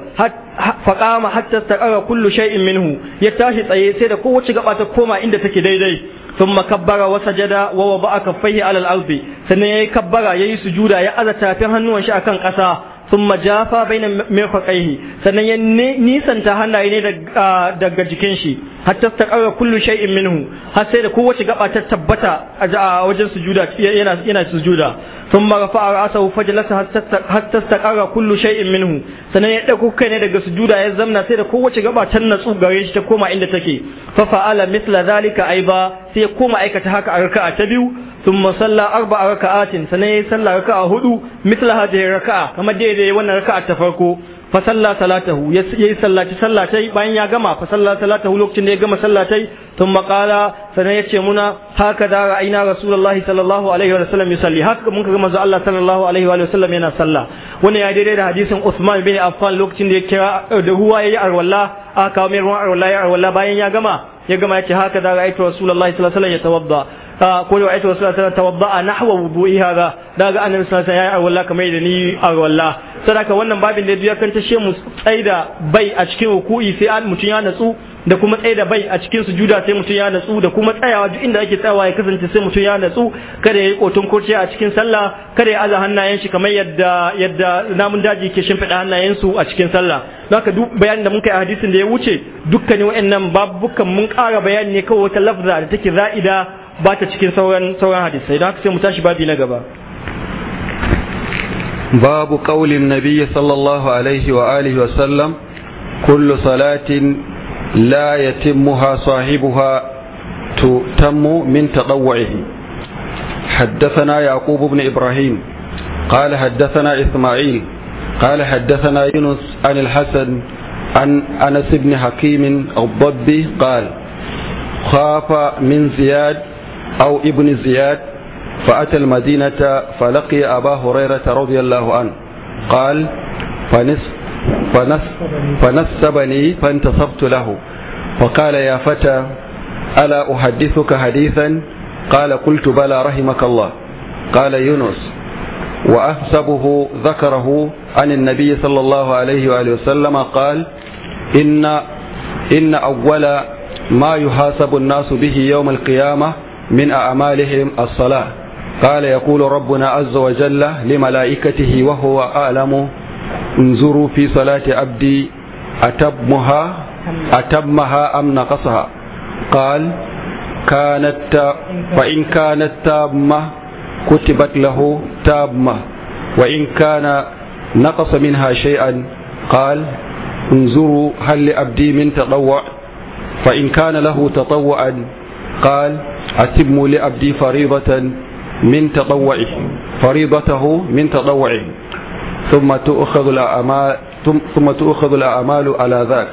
faqama hatta taqara kullu shay'in minhu ya tashi tsaye sai da kowace gaba ta koma inda take daidai sun ثم كبر wa ووضع كفيه على الارض sannan yayi kabbara yayi sujuda ya aza tafin hannuwan shi akan ƙasa thumma jafa baina mirfaqaihi sannan ya nisanta hannaye ne ah, daga jikin shi hatta taqawa kullu shay'in minhu har sai da kowace gaba ta tabbata a wajen sujuda yana yana sujuda thumma rafa'a ra'sahu fajalasa hatta taqawa kullu shay'in minhu sannan ya dauko kai ne daga sujuda ya zamna sai da kowace gaba ta natsu gare shi ta koma inda take fa fa'ala mithla zalika aiba sai ya koma aikata haka a raka'a ta biyu thumma salla arba'a raka'atin sannan ya salla raka'a hudu mithlaha da raka'a kamar daidai wannan raka'a ta farko fa salla salatahu yayi sallaci sallatai bayan ya gama fa salla salatahu lokacin da ya gama sallatai tun maƙala sannan ya ce muna haka da ra'ayina rasulullahi sallallahu alaihi wa sallam yusalli haka mun ga manzo Allah sallallahu alaihi wa sallam yana sallah wannan ya daidai da hadisin Uthman bin Affan lokacin da ya kira eh, da ruwa yayi arwalla aka kawo mai ruwan arwalla ya arwalla bayan ya gama ya gama ya ce haka da ra'aytu rasulullahi sallallahu alaihi wa sallam ya tawadda ko da ayatu rasulullah sallallahu alaihi wasallam nahwa wudu'i hada daga annabi sallallahu alaihi wasallam ya walla kamar da ni a walla sadaka wannan babin da ya kan tashe mu tsaida bai a cikin ruku'i sai an ya natsu da kuma tsaida bai a cikin sujuda sai mutun ya natsu da kuma tsayawa duk inda ake tsayawa ya kasance sai mutun ya natsu kada ya yi kotun kurciya a cikin sallah kada ya aza hannayen shi kamar yadda yadda namun daji ke shimfiɗa hannayen su a cikin sallah haka duk bayanin da mun yi a hadisin da ya wuce dukkanin wa'annan babukan mun ƙara bayani ne kawai wata lafza da take za'ida ba ta cikin sauran hadisai don haka sai mu tashi babi na gaba babu ƙaulin nabiya sallallahu alaihi wa alihi wa sallam kullu salatin la yatimmuha sahibuha tutammu min tadawwuhi حدثنا يعقوب بن إبراهيم قال حدثنا إسماعيل قال حدثنا يونس عن الحسن عن أنس بن حكيم الضبي قال خاف من زياد أو ابن زياد فأتى المدينة فلقي أبا هريرة رضي الله عنه قال فنس فنس فنسبني فانتصبت له فقال يا فتى ألا أحدثك حديثا قال قلت بلى رحمك الله قال يونس وأحسبه ذكره عن النبي صلى الله عليه وآله وسلم قال إن إن أول ما يحاسب الناس به يوم القيامة من أعمالهم الصلاة قال يقول ربنا عز وجل لملائكته وهو أعلم انظروا في صلاة عبدي أتمها أتمها أم نقصها قال كانت فإن كانت تامة كتبت له تامة وإن كان نقص منها شيئا قال انظروا هل لعبدي من تطوع فإن كان له تطوعا قال أتموا لأبدي فريضة من تطوعه فريضته من تطوعه ثم تؤخذ الأعمال ثم تؤخذ الأعمال على ذاك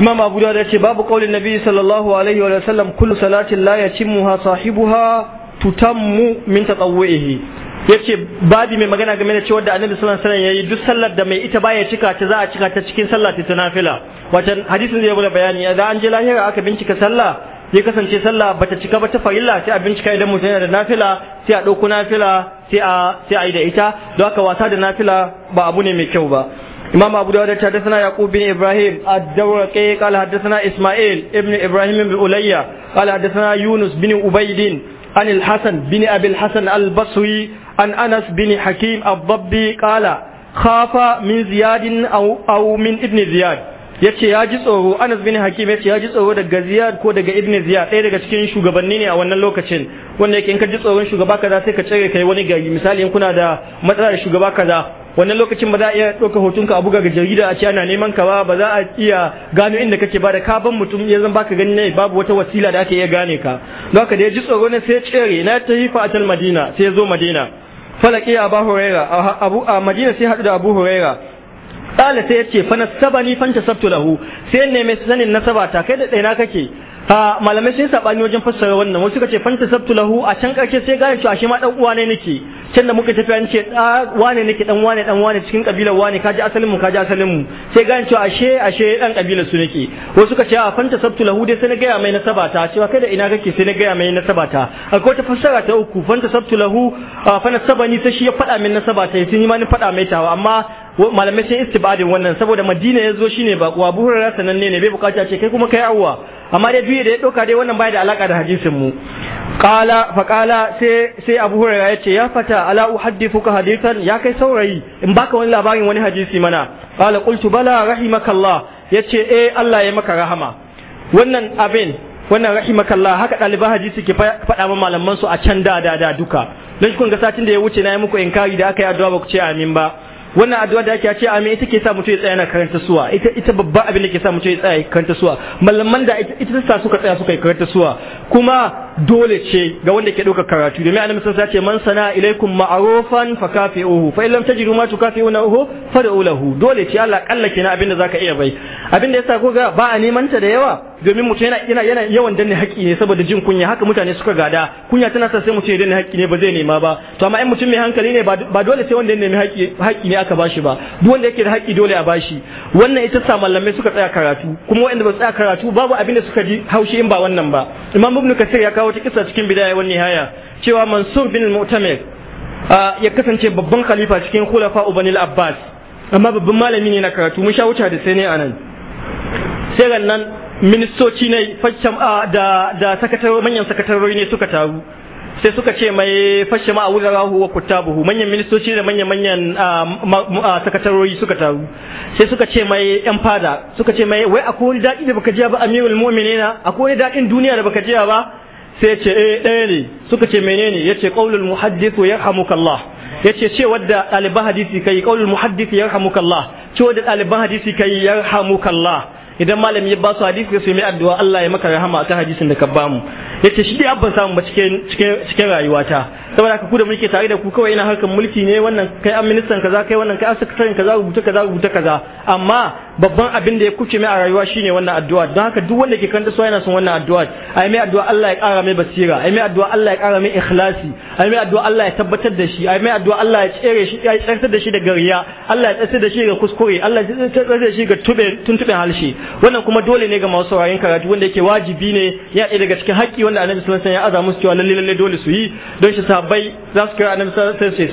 Imam Abu ya ce babu kaulin Nabi sallallahu alaihi wa sallam kullu salatin la yatimmuha sahibuha tutammu yace babi mai magana game da cewa da Annabi sallallahu alaihi wasallam yayi duk sallar da mai ita baya cika ta za a cika ta cikin sallar ta nafila wacan hadisin zai bada bayani idan an je lahira aka bincika sallah sai kasance sallah bata cika ta fa'ila sai a bincika idan mutum yana da nafila sai a ɗauko nafila sai a yi da ita don haka wasa da nafila ba a bu ne mai kyau ba imam abu dawud ta dasana yaqub bin ibrahim ad-dawraqi qala hadathana isma'il ibn ibrahim bin ulayya qala hadathana yunus bin Ubaidin an al bin abi al-hasan basri an anas bin hakim ad-dabbi qala khafa min ziyadin aw aw min ziyad yace ya ji tsoro Anas bin Hakim yace ya ji tsoro daga Ziyad ko daga Ibn Ziyad ɗaya daga cikin shugabanni ne a wannan lokacin wanda yake in ka ji tsoron shugaba kaza sai ka cire kai wani gari misali in kuna da matsala da shugaba kaza wannan lokacin ba za a iya ɗauka hotunka a buga ga jarida a ce ana neman ka ba ba za a iya gano inda kake ba da ka ban mutum ya zan baka gani ne babu wata wasila da aka iya gane ka don haka da ya ji tsoro ne sai cire na ta yi madina sai ya zo madina falaki abu huraira a madina sai haɗu da abu huraira kala sai yace fa ni fanta sabtu lahu sai ne mai sanin nasaba ta kai da daina kake a malamai sun sabani wajen fassara wannan wasu kace fanta sabtu lahu a can karshe sai gane cewa shi ma dan uwa ne nake can da muka tafi an ce da wane nake dan wane dan wane cikin kabilar wane kaji asalin mu kaji asalin mu sai gane cewa ashe ashe dan kabilar su nake wasu kace a fanta sabtu lahu dai sai na gaya mai nasaba ta cewa kai da ina kake sai na gaya mai nasaba ta akwai wata fassara ta uku fanta sabtu lahu fa nasabani sai shi ya faɗa min nasaba ta sai ni ma ni faɗa mai ta amma malamai sun istibadin wannan saboda madina ya zo shine ba wa buhura sananne ne bai bukata ce kai kuma kai awwa amma dai duye da ya doka dai wannan bai da alaka da hadisin mu qala fa qala sai sai abu hurairah yace ya fata ala uhaddithuka hadithan ya kai saurayi in baka wani labarin wani hadisi mana qala qultu bala rahimakallah yace eh Allah ya maka rahama wannan abin wannan rahimakallah haka daliban hadisi ke faɗa ma malaman su a can da da da duka don kun ga satin da ya wuce na yi muku inkari da aka yi addu'a ba ku ce amin ba wannan addu'a da ake ce amin ita ke sa mutum ya tsaya na karanta suwa ita ita babban abin da ke sa mutum ya tsaya karanta suwa malaman da ita ta sa suka tsaya suka karanta suwa kuma dole ce ga wanda ke dauka karatu domin annabi sun ce man sana ilaikum ma'rufan fa kafi'uhu fa illam tajidu ma tukafi'unahu fad'u lahu dole ce Allah kallake na abin da zaka iya bai abin da yasa ko ga ba a neman ta da yawa domin mutum yana yana yawan danne haƙƙi ne saboda jin kunya haka mutane suka gada kunya tana sa sai mutum ya danne haƙƙi ne ba zai nema ba to amma in mutum mai hankali ne ba dole sai wanda ya nemi haƙƙi ne aka bashi ba duk wanda yake da haƙƙi dole a bashi wannan ita sa mallamai suka tsaya karatu kuma waɗanda ba tsaya karatu babu abin da suka ji haushi in ba wannan ba imam ibn kasir ya kawo ta kissa cikin bidaya wani haya cewa mansur bin mu'tamir ya kasance babban khalifa cikin khulafa ubanil abbas amma babban malami ne na karatu mun sha wuce da sai ne anan sai nan ministoci ne da da sakatar manyan sakatarori ne suka taru sai suka ce mai fashe ma a wuzarahu wa kutabuhu manyan ministoci da manyan manyan sakatarori suka taru sai suka ce mai yan fada suka ce mai wai akwai wani daɗi da baka jiya ba amirul mu'minina akwai wani daɗin duniya da baka jiya ba sai ce eh ɗaya ne suka ce menene yace qaulul muhaddith yarhamukallah yace ce wadda ɗaliban hadisi kai qaulul muhaddith yarhamukallah ce wadda ɗaliban hadisi kai yarhamukallah idan malami ya ba su hadisi sai mai addu'a Allah ya maka rahama akan hadisin da ka ba mu yace shi dai abban samu ba cikin cikin cikin rayuwata saboda haka ku da muke tare da ku kawai ina harkan mulki ne wannan kai an ministan kaza kai wannan kai an sakataren kaza rubuta kaza rubuta kaza amma babban abin da ya kuce mai a rayuwa shine wannan addu'a don haka duk wanda ke kanta suwa yana son wannan addu'a ai mai addu'a Allah ya kara mai basira ai mai addu'a Allah ya kara mai ikhlasi ai mai addu'a Allah ya tabbatar da shi ai mai addu'a Allah ya tsere shi ya tsantsar da shi daga riya Allah ya tsantsar da shi daga kuskure Allah ya tsantsar da shi ga tube halshe wannan kuma dole ne ga masu saurayin karatu wanda yake wajibi ne ya ɗaya daga cikin haƙƙi wanda annabi sallallahu alaihi wasallam ya aza musu cewa lalle lalle dole su yi don shi sabai za su kira annabi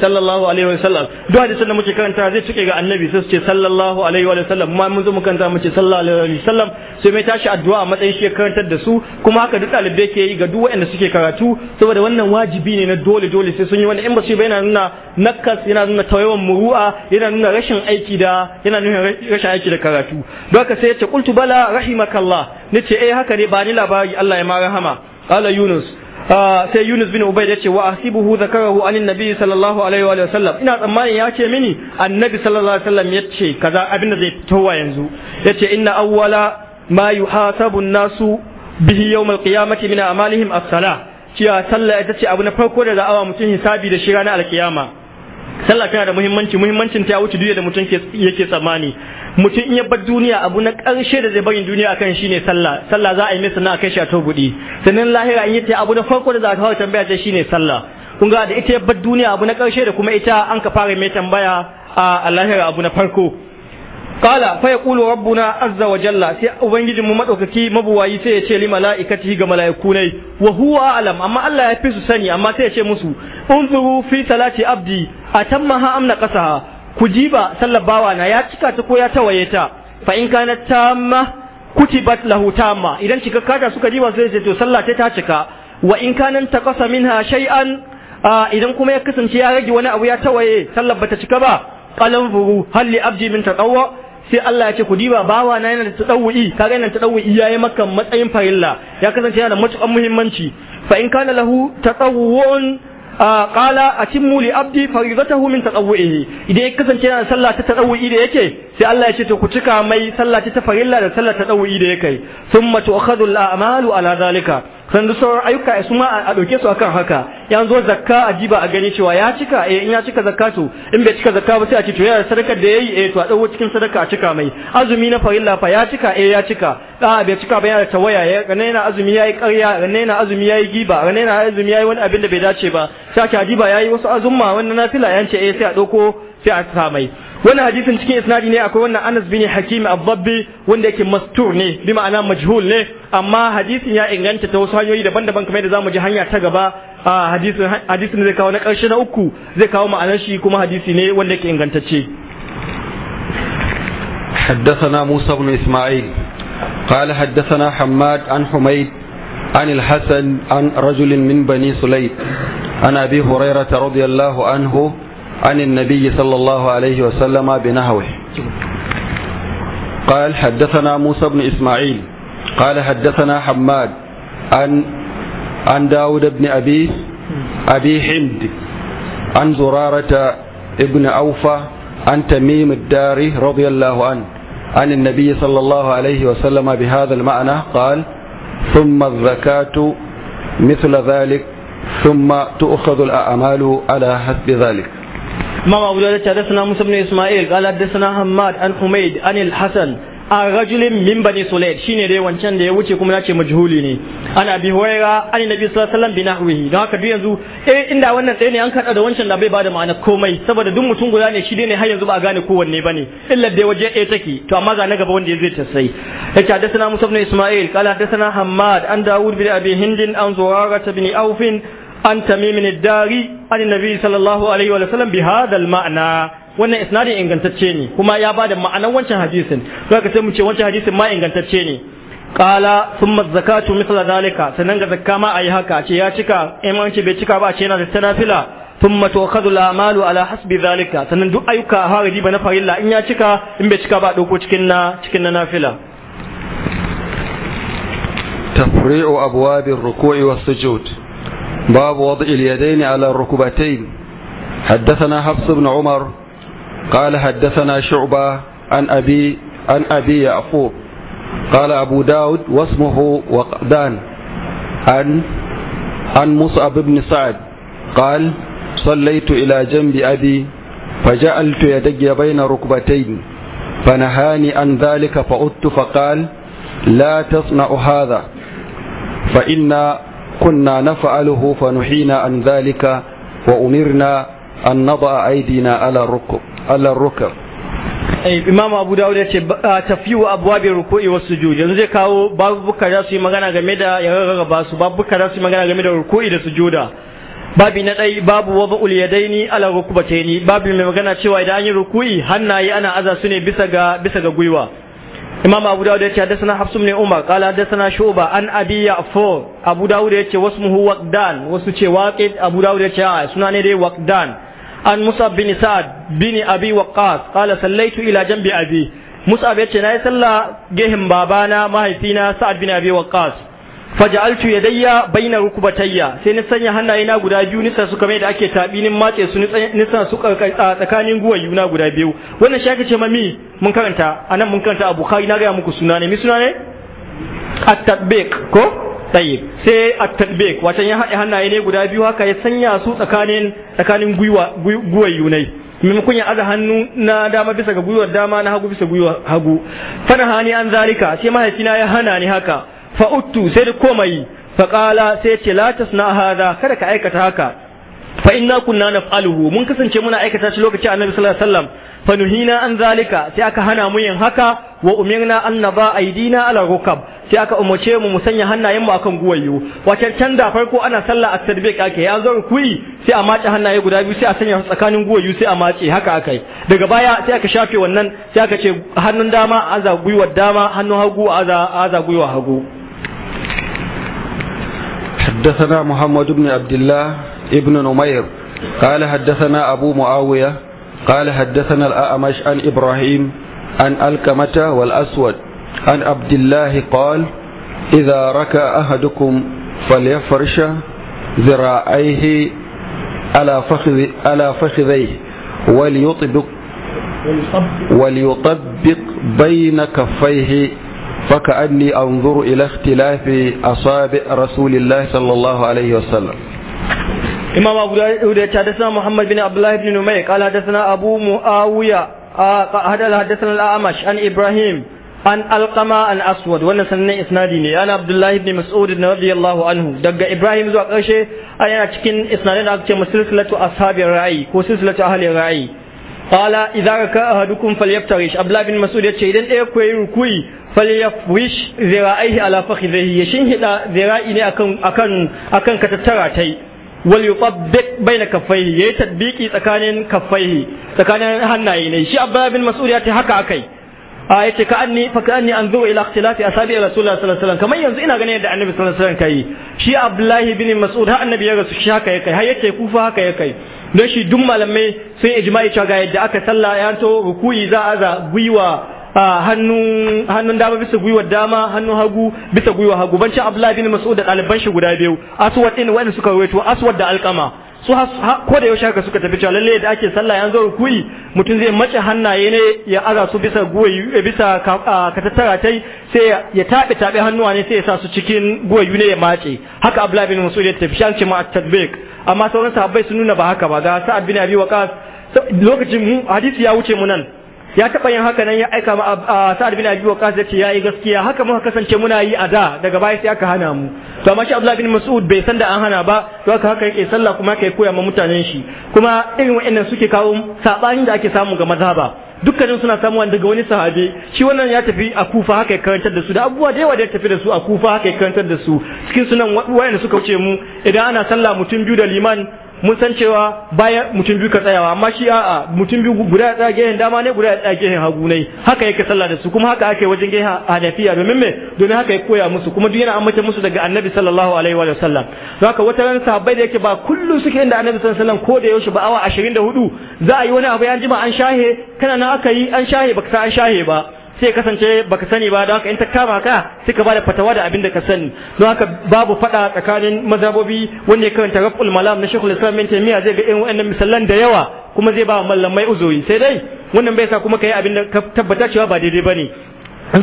sallallahu alaihi wasallam duk hadisin da muke karanta zai cike ga annabi sai su ce sallallahu alaihi wasallam ma mun zo mu karanta mu ce sallallahu alaihi wasallam sai mai tashi addu'a a matsayin shi ya karantar da su kuma haka duk ɗalibai ke yi ga duk waɗanda suke karatu saboda wannan wajibi ne na dole dole sai sun yi wannan in ba su ba yana nuna nakas yana nuna tawayawan muru'a yana nuna rashin aiki da yana nuna rashin aiki da karatu don haka sai ya ce qultu bala rahimakallah nace eh haka ne ba ni labari Allah ya ma rahama qala yunus ah, sai Yunus bin Ubayd yace wa ahsibuhu zakarahu anin nabi sallallahu alaihi wa sallam ina tsammanin ya ce mini annabi sallallahu alaihi wa sallam yace kaza abinda zai fitowa yanzu yace inna awwala ma yuhasabu nasu bihi yawm al-qiyamati min a'malihim as-salah cewa sallah ita ce abu na farko da za a wa mutum hisabi da shi ranar alkiyama sallah tana da muhimmanci muhimmancin ta wuce duniya da mutum yake tsammani mutum in ya bar duniya abu na karshe da zai barin duniya akan shine sallah sallah za a yi masa na kai shi a togudi sannan lahira in yace abu na farko da za ka fara tambaya ce shine sallah kun ga da ita ya bar duniya abu na karshe da kuma ita an ka fara mai tambaya a lahira abu na farko qala fa yaqulu rabbuna azza wa jalla sai ubangijin mu madaukaki mabuwayi sai ya ce li malaikatihi ga malaiku ne wa huwa alam amma Allah ya fi su sani amma sai ya ce musu unzuru fi salati abdi ha amna qasaha ku jiba sallar bawa na ya cika ta ko ya tawaye ta fa in kana tamma kutibat lahu tamma idan cika kata suka jiba sai ce to sallah ta cika wa in kana taqasa minha shay'an idan kuma ya kasance ya rage wani abu ya tawaye sallar bata cika ba qalan furu hal li abdi min tatawwa sai Allah ya ce ku diba bawa na yana da tadawwi kaga yana tadawwi yayi maka matsayin farilla ya kasance yana da matukan muhimmanci fa in kana lahu tatawwun qala atimmu li abdi faridatahu min tatawwihi idan ya kasance yana sallah ta tadawwi da yake sai Allah ya ce to ku cika mai sallah ta farilla da sallah ta tadawwi da yake thumma tu'khadhu al a'malu ala zalika san da sauran ayyuka su ma a ɗauke su akan haka ya zo zakka a jiba a gani cewa ya cika eh in ya cika zakka to in bai cika zakka ba sai a ce to yana sadaka da yayi eh to a dawo cikin sadaka a cika mai azumi na farilla fa ya cika eh ya cika da bai cika ba yana tawaya ya ga yana azumi yayi ƙarya ga yana azumi yayi giba ga yana azumi yayi wani abin da bai dace ba sai a ce a jiba yayi wasu azumma wannan nafila ce eh sai a dauko sai a sa mai wannan hadisin cikin isnadi ne akwai wannan Anas bin Hakim Ad-Dabbi wanda yake mastur ne bi ma'ana majhul ne amma hadisin ya inganta ta wasu hanyoyi daban-daban kamar yadda zamu ji hanya ta gaba a hadisin hadisin zai kawo na karshe na uku zai kawo ma'anar shi kuma hadisi ne wanda yake ingantacce حدثنا موسى بن إسماعيل قال حدثنا حماد عن حميد عن الحسن عن رجل من بني سليم عن أبي هريرة رضي الله عنه عن النبي صلى الله عليه وسلم بنهوه قال حدثنا موسى بن إسماعيل قال حدثنا حماد عن عن داود بن أبي أبي حمد عن زرارة ابن أوفى عن تميم الداري رضي الله عنه عن النبي صلى الله عليه وسلم بهذا المعنى قال ثم الزكاة مثل ذلك ثم تؤخذ الأعمال على حسب ذلك ما أبو داود حدثنا موسى بن إسماعيل قال حدثنا حماد عن حميد عن الحسن عن رجل من بني سليد شيني دي وانشان دي وچي كم ناچي مجهولي ني عن أبي هريرة عن النبي صلى الله عليه وسلم بنحوه don haka duk yanzu eh inda wannan tsaye ne an kada da wancan da bai bada ma'ana komai saboda duk mutum guda ne shi dai ne har yanzu ba a gane kowanne bane illa da waje ɗaya take to amma a na gaba wanda zai tasai yace hadathana musab ibn isma'il qala hadathana hammad an daud bin abi hindin an ta bin aufin an tamimin dari an nabi sallallahu alaihi wa sallam bi hadal ma'ana wannan isnadin ingantacce ne kuma ya bada ma'anar wancan hadisin to aka sai mu ce wancan hadisin ma ingantacce ne qala thumma zakatu mithla zalika sanan ga zakka ma ayi haka ce ya cika in an ce bai cika ba ce yana da tanafila thumma tu'khadhu al-amalu ala hasbi zalika sanan duk ayyuka haraji ba na farilla in ya cika in bai cika ba dauko cikin na cikin na nafila tafri'u abwabi ar-ruku'i باب وضع اليدين على الركبتين حدثنا حفص بن عمر قال حدثنا شعبة عن أبي عن أبي يعقوب قال أبو داود واسمه وقدان عن عن مصعب بن سعد قال صليت إلى جنب أبي فجعلت يدي بين ركبتين فنهاني عن ذلك فعدت فقال لا تصنع هذا فإن كنا نفعله فنحينا عن ذلك وأمرنا أن نضع أيدينا على الركب على الركب Imam Abu Dawud ya ce tafiyu abwabin ruku'i wa sujud yanzu zai kawo babuka za su magana game da ya rarraba su babuka za su magana game da ruku'i da sujuda babi na ɗai babu wa ba'ul yadaini ala rukubataini babi mai magana cewa idan an yi ruku'i hannaye ana aza ne bisa ga gwiwa imam abu dawud yace hadathana hafs ibn umar qala hadathana shuba an abi ya'fur abu dawud yace wasmuhu waqdan wasu ce waqid abu dawud yace suna ne dai waqdan an musab bin sa'ad bin abi waqqas qala sallaitu ila janbi abi musab yace na yi sallah gehin babana mahaifina sa'ad bin abi waqqas faja'altu yadayya baina rukbatayya sai ni sanya na guda biyu nisa su kamar da ake nin matse su nisa su tsakanin guwayu na guda biyu wannan shi ake ce mami mun karanta anan mun karanta a bukhari na gaya muku suna ne mi suna ne at-tatbiq ko tayyib sai at-tatbiq watan ya haɗe hannaye ne guda biyu haka ya sanya su tsakanin tsakanin guwa guwayu ne maimakon ya aza hannu na dama bisa ga gwiwar dama na hagu bisa gwiwar hagu fana hani an zalika sai mahaifina ya hana ni haka fa sai da komai fa sai ce la tasna hada kada ka aikata haka fa inna kunna naf'aluhu mun kasance muna aikata shi lokacin annabi sallallahu alaihi wasallam fa nuhina an zalika sai aka hana mu yin haka wa umirna an naba aidina ala rukab sai aka umarce mu mu sanya hannayen mu akan guwayo wacan can da farko ana sallah at tadbiq ake ya zo kuyi sai a mace hannaye guda biyu sai a sanya su tsakanin guwayo sai a mace haka akai daga baya sai aka shafe wannan sai aka ce hannun dama aza gwiwar dama hannun hagu aza aza hagu حدثنا محمد بن عبد الله ابن نمير قال حدثنا أبو معاوية قال حدثنا الأعمش عن إبراهيم عن الكمة والأسود عن عبد الله قال إذا ركى أحدكم فليفرش ذراعيه على فخذ على فخذيه وليطبق وليطبق بين كفيه فكأني أنظر إلى اختلاف أصابع رسول الله صلى الله عليه وسلم إمام أبو داود حدثنا محمد بن عبد الله بن نمير قال حدثنا أبو معاوية هذا حدثنا الأعمش عن إبراهيم عن ألقمة عن أسود وأنا سنة إسنادي أنا عبد الله بن مسعود رضي الله عنه دق إبراهيم زوج أشي أنا أتكلم إسنادي أكتم سلسلة أصحاب الرعي وسلسلة أهل الرعي iza ka qala kun falyaf ta falyaftarish abdullahi bin mas'ud ce idan ɗaya ku yi rukui falyafrish zira'aihi ala yi ya shinhida zira'i ne akan akan akan katattara tai wal yutabbiq baina ya yi tatbiki tsakanin kaffaihi tsakanin hannaye ne shi abdullah bin mas'ud ce haka a akai a ce ka anni fa ka anni anzuru ila ikhtilafi asabi rasulullah sallallahu alaihi wasallam kamar yanzu ina ganin yadda annabi sallallahu alaihi ka yi shi abdullahi bin mas'ud har annabi ya rasu shi haka ya kai yake har yace kufa haka ya kai. don shi duk malamai sun ijma'i cewa ga yadda aka talla ya to rukuyi za a za gwiwa hannun dama bisa gwiwar dama hannun hagu bisa gwiwar hagu ban ci abdullahi bin mas'ud da ɗaliban shi guda biyu aswad din wanda suka rawaito aswad da alƙama. su ko da yaushe haka suka tafi cewa lalle da ake sallah yanzu rukuyi mutum zai mace hannaye ne ya aga su bisa guwayu eh, bisa katattara tai sai ya tabe tabe hannuwa ne sai ya sa su cikin guwayu ne ya mace haka Abdullah bin Mas'ud ya tafi shan ma at-tadbiq amma sauran sahabbai sun nuna ba haka ba ga Sa'ad bin Abi waqas lokacin hadisi ya wuce mu nan ya taɓa yin haka nan ya aika ma sa'ad bin abi waqas ya ce yayi gaskiya haka muka kasance muna yi a da daga baya sai aka hana mu to amma shi abdullahi bin mas'ud bai san da an hana ba to haka haka yake sallah kuma yake koya ma mutanen shi kuma irin wa'annan suke kawo sabanin da ake samu ga mazhaba dukkanin suna samuwa daga wani sahabi shi wannan ya tafi a kufa haka ya karantar da su da abubuwa da yawa da ya tafi da su a kufa haka ya karantar da su cikin sunan wayanda suka wuce mu idan ana sallah mutum biyu da liman mun san cewa bayan mutum biyu ka tsayawa amma shi a'a mutum biyu guda ya tsaya gehen dama ne guda ya tsaya gehen hagu ne haka yake sallah da su kuma haka ake wajen gehen hanafiya domin me domin haka ya koya musu kuma duk yana amince musu daga annabi sallallahu alaihi wa sallam don haka wata ran sahabbai da yake ba kullu suke inda annabi sallallahu alaihi wa sallam ko da yaushe ba awa 24 za a yi wani abu ya jima an shahe kana na aka yi an shahe baka san an shahe ba sai kasance baka sani ba don haka in ta kama ka sai ka bada fatawa da abin da ka sani don haka babu fada tsakanin mazhabobi wanda ya karanta raf'ul malam na shekul islam min taymiya zai ga irin wannan misalan da yawa kuma zai ba mallamai uzuri sai dai wannan bai sa kuma kai abin da ka tabbata cewa ba daidai bane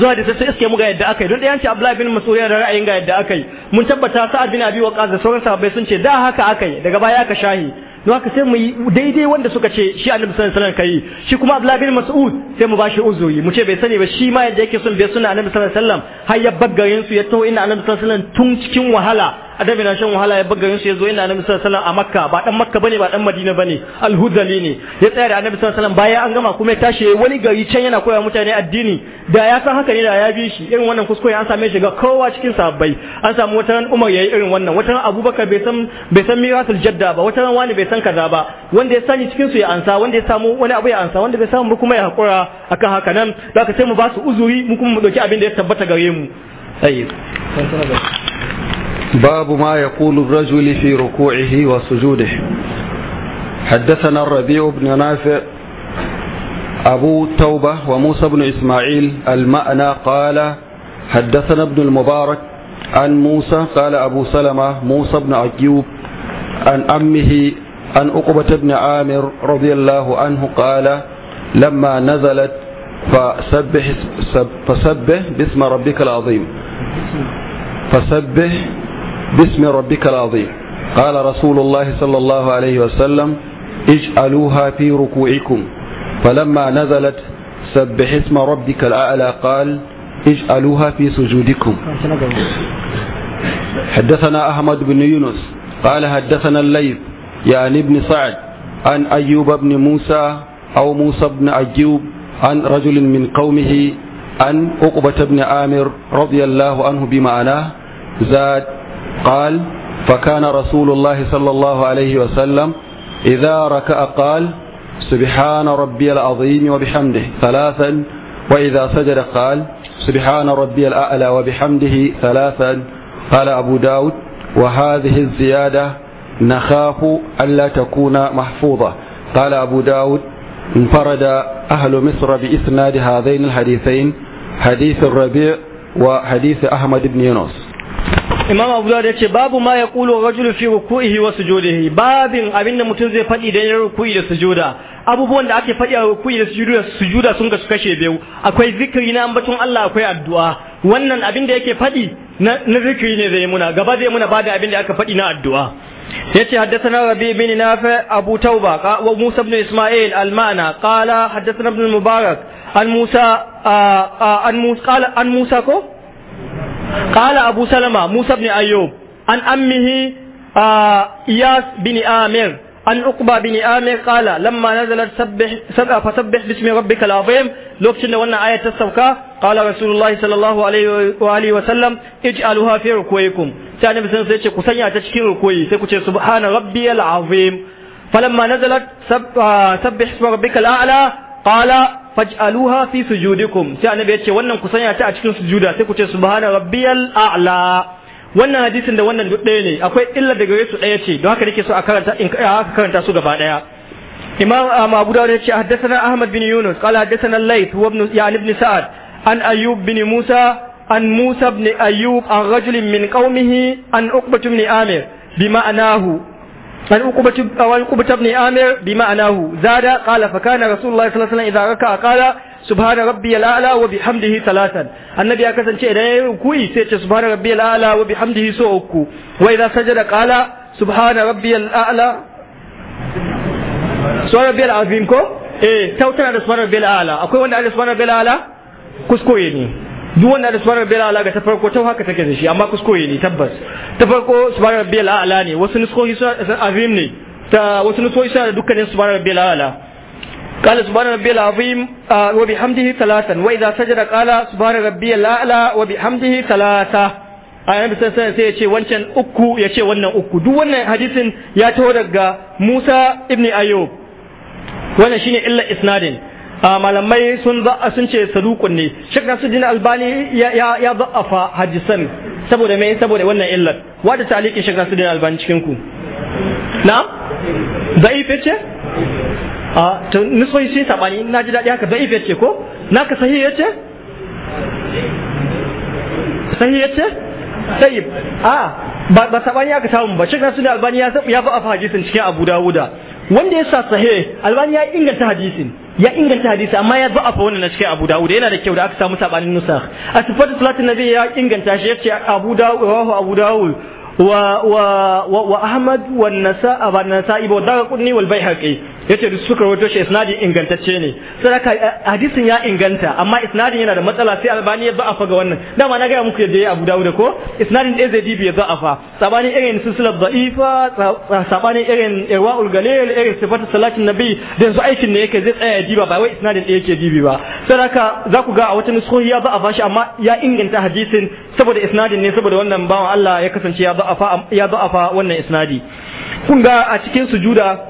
zuwa da sai iske mu ga yadda aka yi don ɗayan yanci Abdullahi bin Mas'ud ya ra'ayin ga yadda aka yi mun tabbata Sa'ad bin Abi waqas da sauran sahabbai sun ce da haka aka yi daga baya aka shahi don haka sai mu yi daidai wanda suka ce shi annabi sallallahu alaihi wasallam kai shi kuma abdullahi bin mas'ud sai mu bashi uzuri mu ce bai sani ba shi ma yadda yake son bai sunna annabi sallallahu alaihi wasallam har ya baggarin su ya taho inda annabi sallallahu alaihi wasallam tun cikin wahala annabi na shan wahala ya bar su ya zo yana annabi sallallahu alaihi wasallam a makka ba dan makka bane ba dan madina bane alhudali ne ya tsaya da annabi sallallahu alaihi wasallam bayan an gama kuma ya tashi wani gari can yana koya mutane addini da ya san haka ne da ya bi shi irin wannan kuskure an same shi ga kowa cikin sahabbai an samu wata ran Umar yayi irin wannan wata ran Abubakar bai san bai san mirasul jadda ba wata ran wani bai san kaza ba wanda ya sani cikin su ya ansa wanda ya samu wani abu ya ansa wanda bai samu kuma ya hakura akan haka nan da ka sai mu ba su uzuri mu kuma mu dauki abin da ya tabbata gare mu ayi باب ما يقول الرجل في ركوعه وسجوده حدثنا الربيع بن نافع أبو توبة وموسى بن إسماعيل المأنى قال حدثنا ابن المبارك عن موسى قال أبو سلمة موسى بن أيوب عن أمه عن أقبة بن عامر رضي الله عنه قال لما نزلت فسبح, فسبح باسم ربك العظيم فسبح باسم ربك العظيم قال رسول الله صلى الله عليه وسلم اجعلوها في ركوعكم فلما نزلت سبح اسم ربك الأعلى قال اجعلوها في سجودكم حدثنا أحمد بن يونس قال حدثنا الليث يعني ابن سعد عن أيوب بن موسى أو موسى بن أيوب عن رجل من قومه عن عقبة بن عامر رضي الله عنه بمعناه زاد قال فكان رسول الله صلى الله عليه وسلم إذا ركع قال سبحان ربي العظيم وبحمده ثلاثا وإذا سجد قال سبحان ربي الأعلى وبحمده ثلاثا قال أبو داود وهذه الزيادة نخاف ألا تكون محفوظة قال أبو داود انفرد أهل مصر بإسناد هذين الحديثين حديث الربيع وحديث أحمد بن يونس imam abu da ce babu ma ya kulo rajulu fi ruku'ihi wa sujudihi babin abin da mutum zai faɗi dan yin ruku'i da sujuda abubuwan da ake faɗi a ruku'i da sujuda sujuda sun kasu kashe biyu akwai zikiri na ambaton Allah akwai addu'a wannan abin da yake faɗi na zikiri ne zai muna gaba zai muna bada abin da aka faɗi na addu'a يتي حدثنا ربي بن نافع أبو توبة وموسى بن إسماعيل المعنى قال حدثنا ابن المبارك عن موسى عن موسى قال An-Musa ko. qala abu salama musa ni ayyub an ammihi iyas bin amir an uqba bin amir qala lamma nazalat sabbih sab'a fasabbih bismi rabbikal azim lokacin da wannan ayat ta sauka qala rasulullahi sallallahu alaihi wa alihi wa sallam ij'aluha fi rukuyikum sai annabi sun sai ce ku sanya ta cikin rukuyi sai ku ce subhana rabbiyal a'la qala faj'aluha fi sujudikum sai annabi ya ce wannan ku sanya ta a cikin sujuda sai ku ce subhana rabbiyal a'la wannan hadisin da wannan duk ɗaya ne akwai illa daga su ɗaya ce don haka nake so a karanta in aka karanta su gaba ɗaya imam um, abu dawud ya ce haddathana ahmad bin yunus qala haddathana layth wa ibn ya'ni ibn sa'ad an ayyub bin musa an musa ibn ayyub an rajulin min qaumihi an uqbatu ibn amir bima'anahu عن عقبة بن عامر بمعناه زاد قال فكان رسول الله صلى الله عليه وسلم إذا ركع قال subhana rabbiyal a'la wa bihamdihi talatan annabi ya kasance idan yayi rukui sai ce subhana rabbiyal a'la wa bihamdihi so uku wa idza sajada qala subhana rabbiyal a'la so rabbiyal azim ko eh tautana da subhana a'la akwai wanda Allah subhana a'la ne duk wanda da subhanar biyar ala ga ta farko ta haka take da shi amma kuskure ne tabbas ta farko subhanar biyar ala ne wasu nuskohi azim ne ta wasu nuskohi su da dukkanin subhanar biyar ala قال سبحان ربي العظيم وبحمده ثلاثا وإذا سجد قال سبحان ربي الأعلى وبحمده ثلاثة ayan bisan sai sai ya ce wancan uku ya ce wannan uku duk wannan hadisin ya taho daga Musa ibn Ayyub wannan shine illa isnadin Ah, malamai sun sun ce sadukun ne shek nasuddin albani ya ya za'afa hadisan saboda me saboda wannan illar wanda taliki shek nasuddin albani cikin ku na da'ife ce a ah, to nisoyi sun sabani na ji daɗi haka da'ife ce ko naka sahihi yace sahihi yace tayyib a ah, ba sabani aka samu ba shek nasuddin albani ya ya za'afa hadisan cikin abu dawuda wanda ya sa sahe albani ya inganta hadisin ya inganta hadisi amma ya za'afa wannan na cikin Abu Dawud yana da kyau da aka samu sabanin nusakh a sifatu salatin nabi ya inganta shi yace Abu Dawud rawahu Abu Dawud wa wa wa Ahmad wa Nasa'i wa Nasa'i wa Darqutni wal Baihaqi yace duk suka rawaito shi isnadin ingantacce ne sadaka eh, hadisin ya inganta amma isnadin yana da matsala sai albani ya za'afa ga wannan dama na gaya muku yadda ya abu dawud ko isnadin ɗaya zai dibi ya za'afa sabani irin silsilar da'ifa sabani irin irwaul galil irin sifatu salatin nabi da yanzu aikin ne yake zai tsaya ya diba ba wai isnadin ɗaya yake dibi ba sadaka za ku ga a wata nuskohi ya za'afa shi amma ya inganta hadisin saboda isnadin ne saboda wannan bawan Allah ya kasance ya za'afa ya za'afa wannan isnadi kun ga a cikin sujuda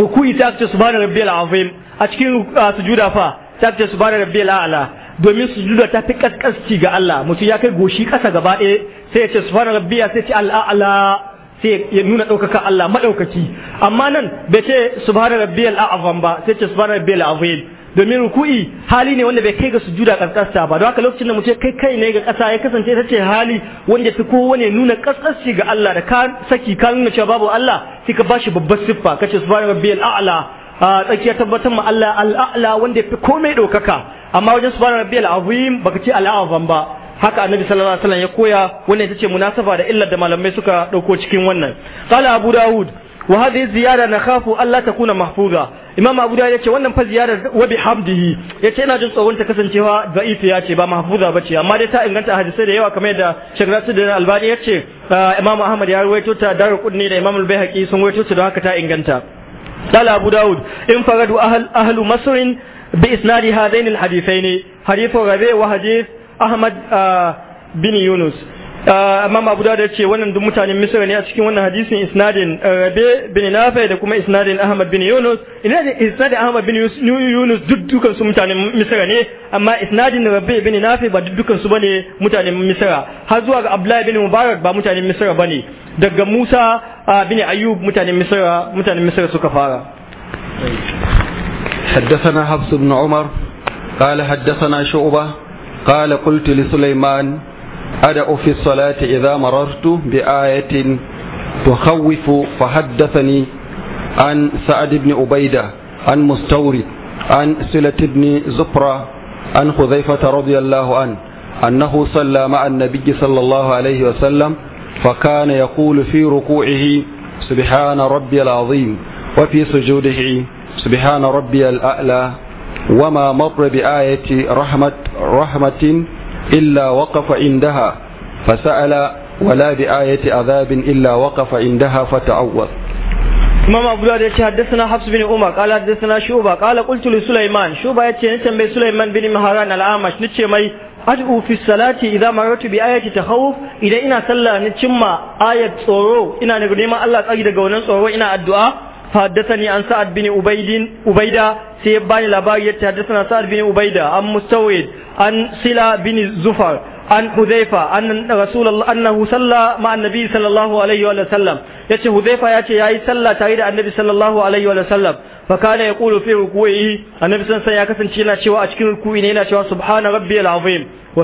ruku'i ta ce subhana rabbiyal azim a cikin sujuda fa ta ce subhana rabbiyal a'la domin sujuda ta fi kaskasci ga Allah mutum ya kai goshi kasa gaba ɗaya sai ya ce subhana rabbiya sai ya ce al'a'la sai ya nuna ɗaukaka Allah maɗaukaki amma nan bai ce subhana rabbiyal a'zam ba sai ya ce subhana rabbiyal azim domin ruku'i hali ne wanda bai kai ga sujuda karkasta ba don haka lokacin da ce kai kai ne ga kasa ya kasance ta ce hali wanda ta kowane nuna kaskasci ga Allah da ka saki ka nuna cewa babu Allah sai ka bashi babbar siffa kace subhana rabbiyal a'la a tsakiya tabbatar ma Allah al'a'la wanda ya fi komai ɗaukaka amma wajen subhana rabbiyal azim baka ce al'azam ba haka annabi sallallahu alaihi wasallam ya koya wannan ita ce munasaba da illar da malamai suka ɗauko cikin wannan qala abu daud wa hadhihi ziyara nakhafu Allah takuna mahfuza Imam Abu Dawud yace wannan fa ziyara wa bi yace ina jin tsoron ta kasancewa da'ifi yace ba mahfuza bace amma dai ta inganta hadisai da yawa kamar yadda da na Albani yace uh, Imam Ahmad ya rawaito ta Darqutni da Imam al sun rawaito ta haka ta inganta قال أبو in faradu أهل, أهل مصر بإسناد هذين الحديثين حديث ربيع وحديث ahmad بن uh, Yunus. Ah, amma abu da ce wannan duk mutanen Misira ne a cikin wannan hadisin isnadin ah, rabe bin nafi da kuma isnadin ahmad bin yunus isnadin ahmad bin yunus duk dukan su mutanen Misira ne amma isnadin rabe bin nafi ba dukkan su bane mutanen Misira. har zuwa ga abdullahi bin mubarak ba mutanen Misira bane daga musa ah, bin ayyub mutanen Misira mutanen Misira suka fara حدثنا حفص بن عمر قال حدثنا شعبة قال قلت لسليمان أدعو في الصلاة إذا مررت بآية تخوف فحدثني عن سعد بن عبيدة عن مستورد عن سلة بن زفرة عن خذيفة رضي الله عنه أنه صلى مع النبي صلى الله عليه وسلم فكان يقول في ركوعه سبحان ربي العظيم وفي سجوده سبحان ربي الأعلى وما مر بآية رحمة رحمة إلا وقف عندها فسأل ولا بآية عذاب إلا وقف عندها فتعوض إمام أبو داود حدثنا حفص بن عمر قال حدثنا شوبة قال قلت لسليمان شوبة يتي نتنبي سليمان بن مهران الأعمش نتشي مي ad'u fi salati idza marartu bi ayati takhawuf idan ina sallah ni cimma ayat tsoro ina neman Allah tsari daga wannan tsoro ina addu'a حدثني عن سعد بن عبيد عبيدة سيباني لباري حدثنا سعد بن عبيدة عن مستورد عن سلا بن زفر عن حذيفة أن رسول الله أنه صلى مع النبي صلى الله عليه وسلم yace Hudhaifa yace yayi sallah tare da Annabi sallallahu alaihi wa sallam fa kana yaqulu fi ruku'ihi Annabi sallallahu ya kasance yana cewa a cikin ruku'i ne yana cewa subhana rabbiyal azim wa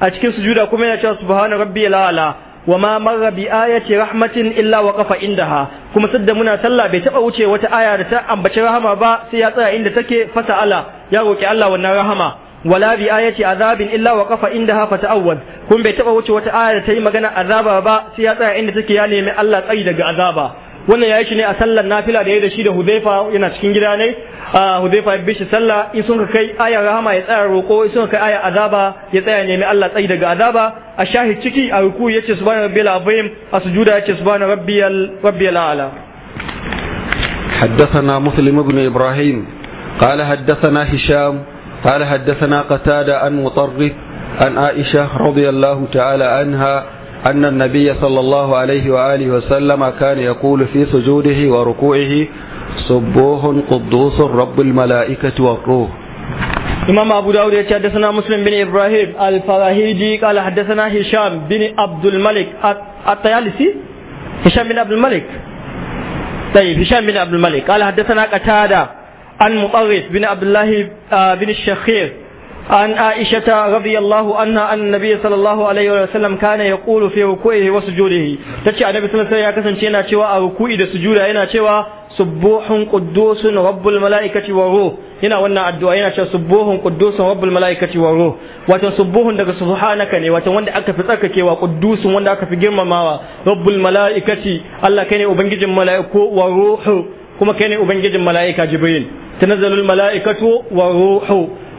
a cikin sujuda kuma yana cewa subhana rabbiyal wa ma marra bi ayati rahmatin illa wa qafa indaha kuma sadda muna sallah bai taba wuce wata aya da ta ambaci rahama ba sai ya tsaya inda take fasa'ala ya roki Allah wannan rahama wala bi ayati azabin illa wa qafa indaha fata'awwad kun bai taba wuce wata aya da ta yi magana azaba ba sai ya tsaya inda take ya nemi Allah tsayi daga azaba wannan ya yi shi ne a sallar nafila da ya da shi da huzaifa yana cikin gida ne huzaifa ya bishi sallah in sun ka kai aya rahama ya tsaya roƙo in sun ka kai aya azaba ya tsaya nemi Allah tsayi daga azaba a shahid ciki a ruku yace subhana rabbil azim a sujuda yace subhana rabbiyal rabbiyal ala حدثنا مسلم بن إبراهيم قال حدثنا هشام قال حدثنا قتادة عن مطرف عن عائشة رضي الله تعالى عنها أن النبي صلى الله عليه وآله وسلم كان يقول في سجوده وركوعه سبوه قدوس رب الملائكة والروح إمام أبو داود حدثنا مسلم بن إبراهيم الفراهيدي قال حدثنا هشام بن عبد الملك الطيالسي هشام بن عبد الملك طيب هشام بن عبد الملك قال حدثنا قتادة عن مطرف بن عبد الله بن الشخير عن عائشة رضي الله عنها أن النبي صلى الله عليه وسلم كان يقول في ركوعه وسجوده تشي النبي صلى الله عليه وسلم كان cewa a ruku'i da sujuda yana cewa subuhun quddusun rabbul malaikati wa yana wannan addu'a yana cewa subuhun quddusun rabbul malaikati wa ruh subuhun daga subhanaka ne wato wanda aka fi tsarkakewa quddusun wanda aka fi girmamawa rabbul malaikati Allah kai ne ubangijin mala'iku wa ruhu kuma kai ne ubangijin mala'ikatu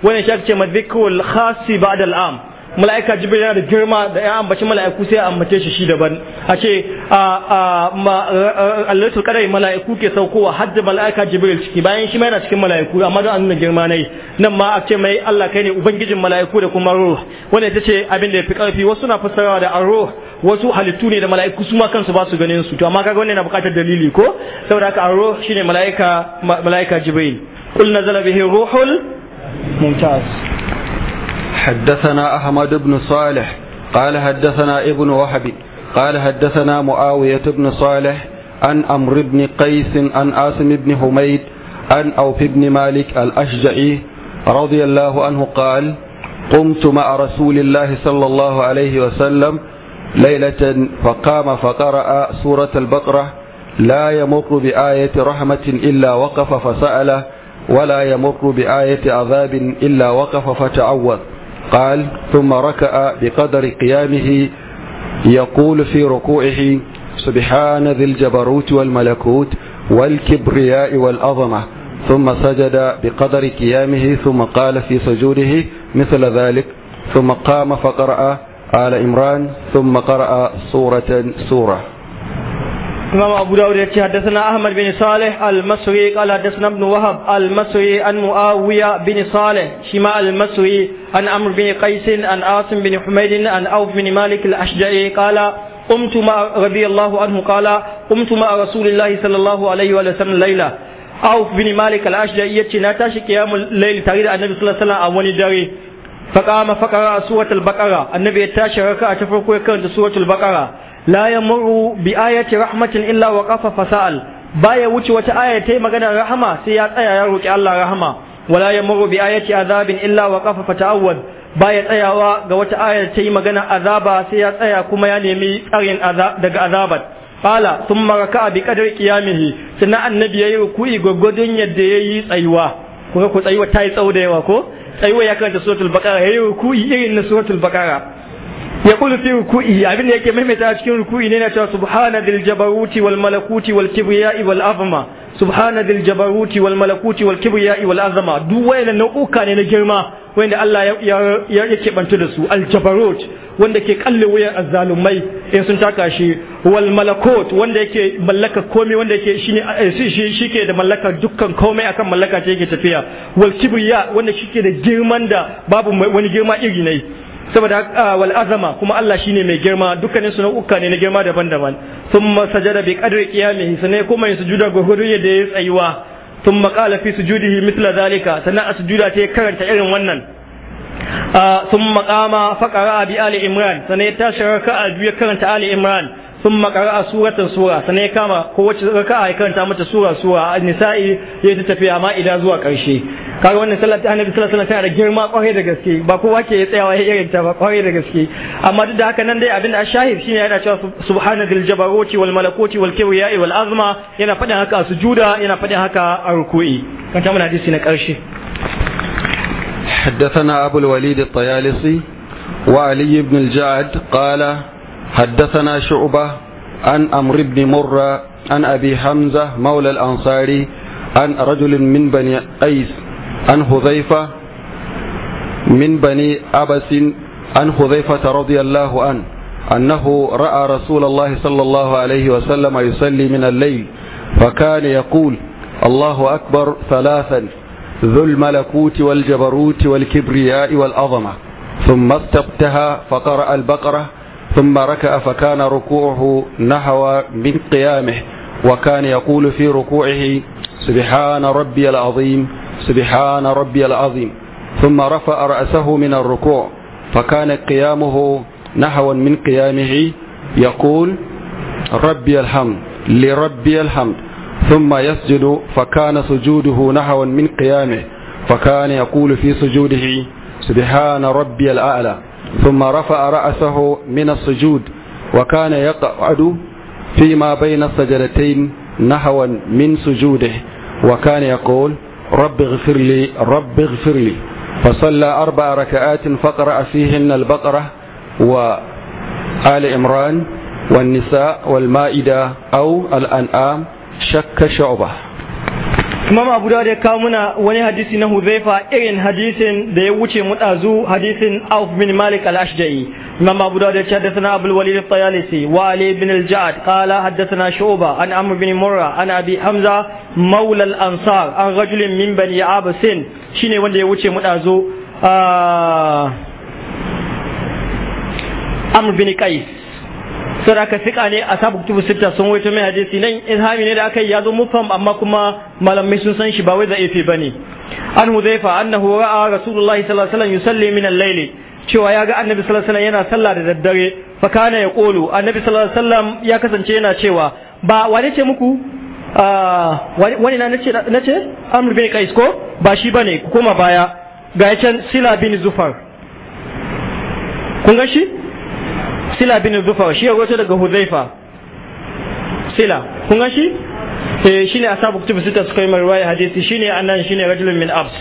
wannan shi ake ce madhikul khasi ba'da al'am mala'ika jibril yana da girma da ya ambaci mala'iku sai ya ambace shi shi daban a ce a allatul qadari mala'iku ke saukowa hadda mala'ika jibril ciki bayan shi ma yana cikin mala'iku amma don nuna girma ne nan ma a ce mai Allah kai ne ubangijin mala'iku da kuma ruh wanda ita ce abin da yafi karfi wasu na fassarawa da ruh wasu halittu ne da mala'iku su ma kansu ba su ganin su to amma kaga wannan yana buƙatar dalili ko saboda haka ruh shine mala'ika mala'ika jibril qul nazala bihi ruhul ممتاز حدثنا أحمد بن صالح قال حدثنا ابن وهب قال حدثنا معاوية بن صالح عن أمر بن قيس عن آسم بن حميد عن أوف بن مالك الأشجعي رضي الله عنه قال قمت مع رسول الله صلى الله عليه وسلم ليلة فقام فقرأ سورة البقرة لا يمر بآية رحمة إلا وقف فسأله ولا يمر بآية عذاب إلا وقف فتعوذ قال ثم ركأ بقدر قيامه يقول في ركوعه سبحان ذي الجبروت والملكوت والكبرياء والعظمة ثم سجد بقدر قيامه ثم قال في سجوده مثل ذلك ثم قام فقرأ آل عمران ثم قرأ سورة سورة إمام أبو داود حدثنا أحمد بن صالح المصري قال حدثنا ابن وهب المصري عن معاوية بن صالح شماء المصري عن عمرو بن قيس عن عاصم بن حميد عن أوف بن مالك الأشجعي قال قمت مع رضي الله عنه قال قمت مع رسول الله صلى الله عليه وسلم ليلة أوف بن مالك الأشجعي يتشي ناتاشي قيام الليل تريد النبي صلى الله عليه وسلم أولي داري فقام فقرأ سورة البقرة النبي يتاشي ركعة فرقوا يكرد سورة البقرة la muru bi ayati rahmatin illa wa qafa fasal baya wuce wata aya ta magana rahama sai ya tsaya ya roki Allah rahama wala muru bi ayati azabin illa wa qafa fata'awwad baya tsayawa ga wata aya ta magana azaba sai ya tsaya kuma ya nemi tsarin daga azabat qala thumma raka'a bi qadri qiyamihi sannan annabi yayi ruku'i gwaggwadon yadda yayi tsayuwa ko ko tsayuwa ta yi tsawo da yawa ko tsayuwa ya karanta suratul baqara yayi ruku'i irin na suratul baqara ya kulu fi ruku'i abin da yake maimaita cikin ruku'i ne na cewa subhana dil jabaruti wal malakuti wal kibriya'i wal azma subhana dil jabaruti wal malakuti wal kibriya'i wal azma duk wayannan nau'uka ne na girma wanda Allah ya yake bantu da su al jabarut wanda ke kalle wayar azzalumai in sun taka shi wal malakut wanda yake mallaka komai wanda yake shine shi shike da mallaka dukkan komai akan mallaka ce yake tafiya wal kibriya wanda shike da girman da babu wani girma iri ne saboda ah, wal azama kuma Allah shine mai girma dukkanin su nau'uka ne na girma daban-daban sun sajada bi qadri qiyamihi sanai kuma yin sujuda gurgudu yadda ya tsayuwa thumma qala fi sujudihi mithla zalika sannan a sujuda ta karanta irin wannan ah, thumma qama faqara bi ali imran sanai ta sharaka a biyu karanta ali imran makara a suratun sura ya kama kowace raka'a a karanta mata sura sura a nisai ya ta tafiya amma ila zuwa karshe kaga wannan sallar ta annabi sallallahu alaihi wasallam tana da girma kwarai da gaske ba kowa ke ya tsayawa ya irin ta ba kwarai da gaske amma duk da haka nan dai abin da shahid shine yana cewa subhana dil jabaruti wal malakuti wal kibriya'i wal azma yana fadin haka a sujuda yana fadin haka a ruku'i kan ta muna hadisi na karshe حدثنا أبو الوليد الطيالسي وعلي بن الجعد قال حدثنا شعبة عن أمر بن مرة عن أبي حمزة مولى الأنصاري عن رجل من بني أيس عن حذيفة من بني أبس عن حذيفة رضي الله عنه أنه رأى رسول الله صلى الله عليه وسلم يصلي من الليل فكان يقول الله أكبر ثلاثا ذو الملكوت والجبروت والكبرياء والعظمة ثم استبتها فقرأ البقرة ثم ركع فكان ركوعه نحو من قيامه وكان يقول في ركوعه سبحان ربي العظيم سبحان ربي العظيم ثم رفع رأسه من الركوع فكان قيامه نحو من قيامه يقول ربي الحمد لربي الحمد ثم يسجد فكان سجوده نحو من قيامه فكان يقول في سجوده سبحان ربي الأعلى ثم رفع رأسه من السجود وكان يقعد فيما بين السجدتين نحوا من سجوده وكان يقول رب اغفر لي رب اغفر لي فصلى أربع ركعات فقرأ فيهن البقرة وآل إمران والنساء والمائدة أو الأنعام شك شعبه imam abu dawud ya kawo muna wani hadisi na huzaifa irin hadisin da ya wuce mutazu hadisin auf bin malik al-ashja'i imam abu dawud ya ce haddathana abul walid at-tayalisi wa ali bin al-ja'd qala haddathana shu'ba an amr bin murra an abi hamza maula al-ansar an rajulin min bani abasin shine wanda ya wuce mutazu ah, amr bin qais sai aka fika ne a sabu kutubu sita sun wuce mai hadisi nan ilhami ne da aka yi yazo mufam amma kuma malamai sun san shi ba wai za'ifi ne. an hudhaifa annahu ra'a rasulullahi sallallahu alaihi wasallam yusalli min al cewa ya ga annabi sallallahu alaihi wasallam yana sallah da daddare fa kana ya qulu annabi sallallahu alaihi wasallam ya kasance yana cewa ba wani ce muku ah, wani na nace nace amr bin qais ko ba shi bane ku koma baya ga can sila bin zufar kun ga shi sila bin zufa shi ya rawaito daga huzaifa sila kun ga shi eh shine asabu kutubu sita suka yi riwaya hadisi shine annan shine rajulun min abs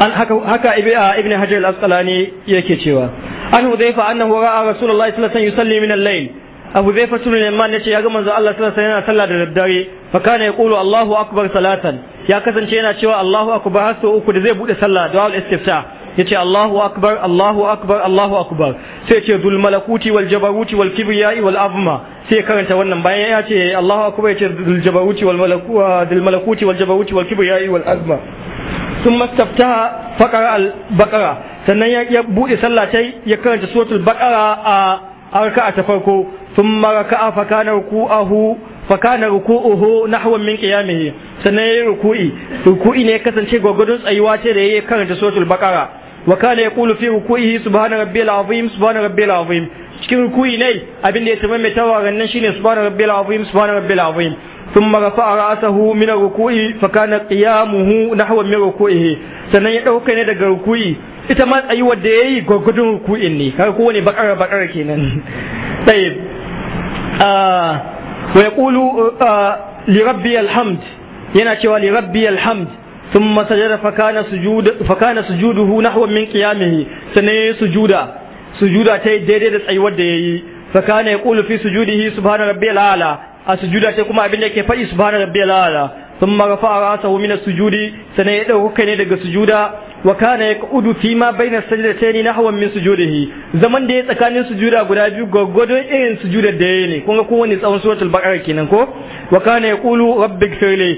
an haka haka ah, ibn hajar al-asqalani yake cewa an huzaifa annahu ra'a rasulullahi sallallahu alaihi wasallam yusalli min al-layl abu zai fasu ne ma ne ce ya ga manzo Allah sallallahu alaihi yana sallah da daddare fa kana yaqulu Allahu akbar salatan ya kasance yana cewa Allahu akbar har sau uku da zai bude sallah da al istifta yace Allahu akbar Allahu akbar Allahu akbar sai ce zul malakuti wal jabaruti wal kibriyai wal azma sai karanta wannan bayan ya ce Allahu akbar yace zul jabaruti wal malaku zul ah, malakuti wal jabaruti wal kibriyai wal azma ثم استفتح فقرأ البقرة sannan ya buɗe sallah ta ya karanta suratul bakara a arka a ta farko thumma maraka a fakanar ruku'ahu fa kana ruku'uhu nahwan min qiyamihi sannan yayi ruku'i ruku'i ne ya kasance gwagwadon tsayuwa ce da yayi karanta suratul baqara وكان يقول في ركوعه سبحان ربي العظيم سبحان ربي العظيم cikin rukuyi ne abin da ya tabbata mai tawaran nan shine subhana rabbil azim subhana rabbil azim thumma rafa'a ra'sahu min ruku'i fa kana qiyamuhu nahwa min ruku'ihi sannan ya dauka ne daga ruku'i ita ma tsayuwar da yayi gurgudun ruku'in ne kaga kowane bakara bakara kenan tayyib ah wa yaqulu li rabbi alhamd yana cewa li rabbi alhamd ثم سجد فكان سجود فكان سجوده نحو من قيامه سنه سجودا سجودا تاي daidai da tsayuwar da yayi fakana yaqulu fi sujudihi subhana rabbiyal ala a sujuda sai kuma abin da yake faɗi subhana rabbiyal ala thumma rafa'a ra'sahu min as-sujudi sana ya dauko kai ne daga sujuda wa kana yaqudu fi ma bayna sajdatayn nahwan min sujudihi zaman da ya tsakanin sujuda guda biyu gwargwadon irin sujudar da yayi ne kun ga kowanne tsawon suratul baqara kenan ko wa kana yaqulu rabbighfirli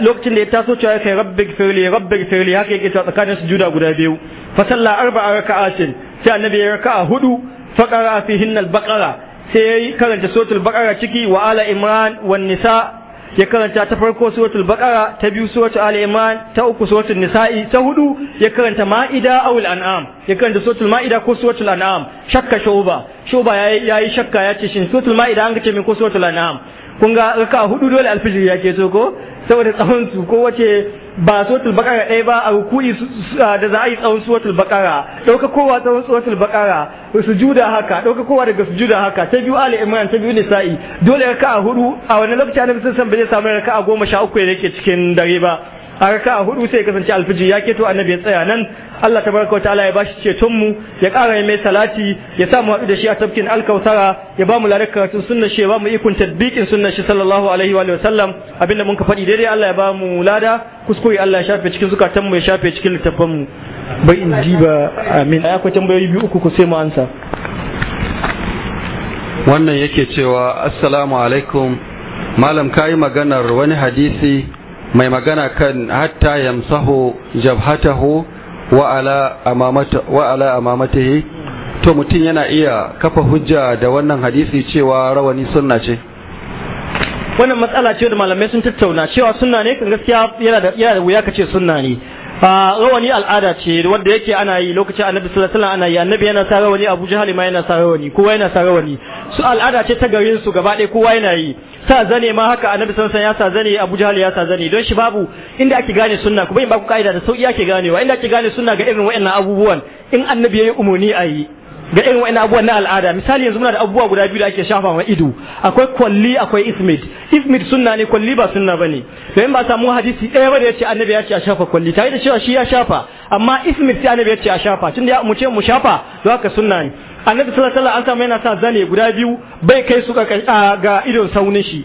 lokacin da ya taso cewa ya kai rabbig firli rabbig firli haka yake cewa tsakanin sujuda guda biyu fa salla arba'a raka'atin sai annabi ya raka'a hudu fa qara fihin al-baqara sai ya karanta suratul baqara ciki wa ala imran wan nisa ya karanta ta farko suratul baqara ta biyu suratul ali imran ta uku suratul nisa'i ta hudu ya karanta ma'ida awul an'am ya karanta suratul ma'ida ko suratul an'am shakka shuba shuba yayi yayi shakka yace shin suratul ma'ida an ga ce min ko suratul an'am kun ga ka hudu dole alfijir ya keto ko saboda tsawon su ko wace ba suratul bakara ɗaya ba a hukuri da za a yi tsawon suratul bakara ɗauka kowa tsawon suratul bakara su juda haka ɗauka kowa daga juda haka ta biyu ali imran ta biyu nisa'i dole ka hudu a wani lokaci annabi sun san ba zai samu raka a goma sha uku da yake cikin dare ba a raka a hudu sai kasance alfiji ya keto annabi ya tsaya nan Allah tabaraka wa ta'ala ya bashi ceton mu ya ƙara mai salati ya sa mu haɗu da shi a tafkin alkautara ya ba mu larar karatun sunnar shi ya ba mu ikon tadbikin sunnar shi sallallahu alaihi wa sallam abinda mun ka faɗi daidai Allah ya ba mu lada kuskure Allah ya shafe cikin zukatan mu ya shafe cikin littafan mu bai in ji ba amin ai akwai tambayoyi biyu uku ku sai mu ansa wannan yake cewa assalamu alaikum malam kayi maganar wani hadisi mai magana kan hatta yamsahu jabhatahu wa ala amamatihi to mutum yana iya kafa hujja da wannan hadisi cewa rawani sunna ce wannan matsala ce da malamai sun tattauna cewa sunna ne kan gaskiya yana da wuya ka wuya kace sunna ne Ah, rawani al'ada ce wanda yake ana yi lokacin annabi sallallahu alaihi ana yi annabi yana sa rawani Abu jahali ma yana sa rawani kowa yana sa rawani su al'ada ce ta garin su gaba ɗaya kowa yana yi sa zane ma haka annabi sallallahu alaihi ya sa zane Abu jahali ya sa zane don shi babu inda ake gane sunna kuma in ba ku kaida da sauki ake ganewa inda ake gane sunna ga irin waɗannan abubuwan in annabi yayi umuni a yi ga irin wa'annan abubuwan na al'ada misali yanzu muna da abubuwa guda biyu da ake shafa wa ido akwai kwalli akwai ismid ismid sunna ne kwalli ba sunna bane to in ba samu hadisi ɗaya ba da ce annabi ya ce a shafa kwalli tare da cewa shi ya shafa amma ismid sai annabi ya ce a shafa tun da ya ce mu shafa za ka sunna ne annabi sallallahu alaihi wasallam an samu yana sa zane guda biyu bai kai su ga idon saunin shi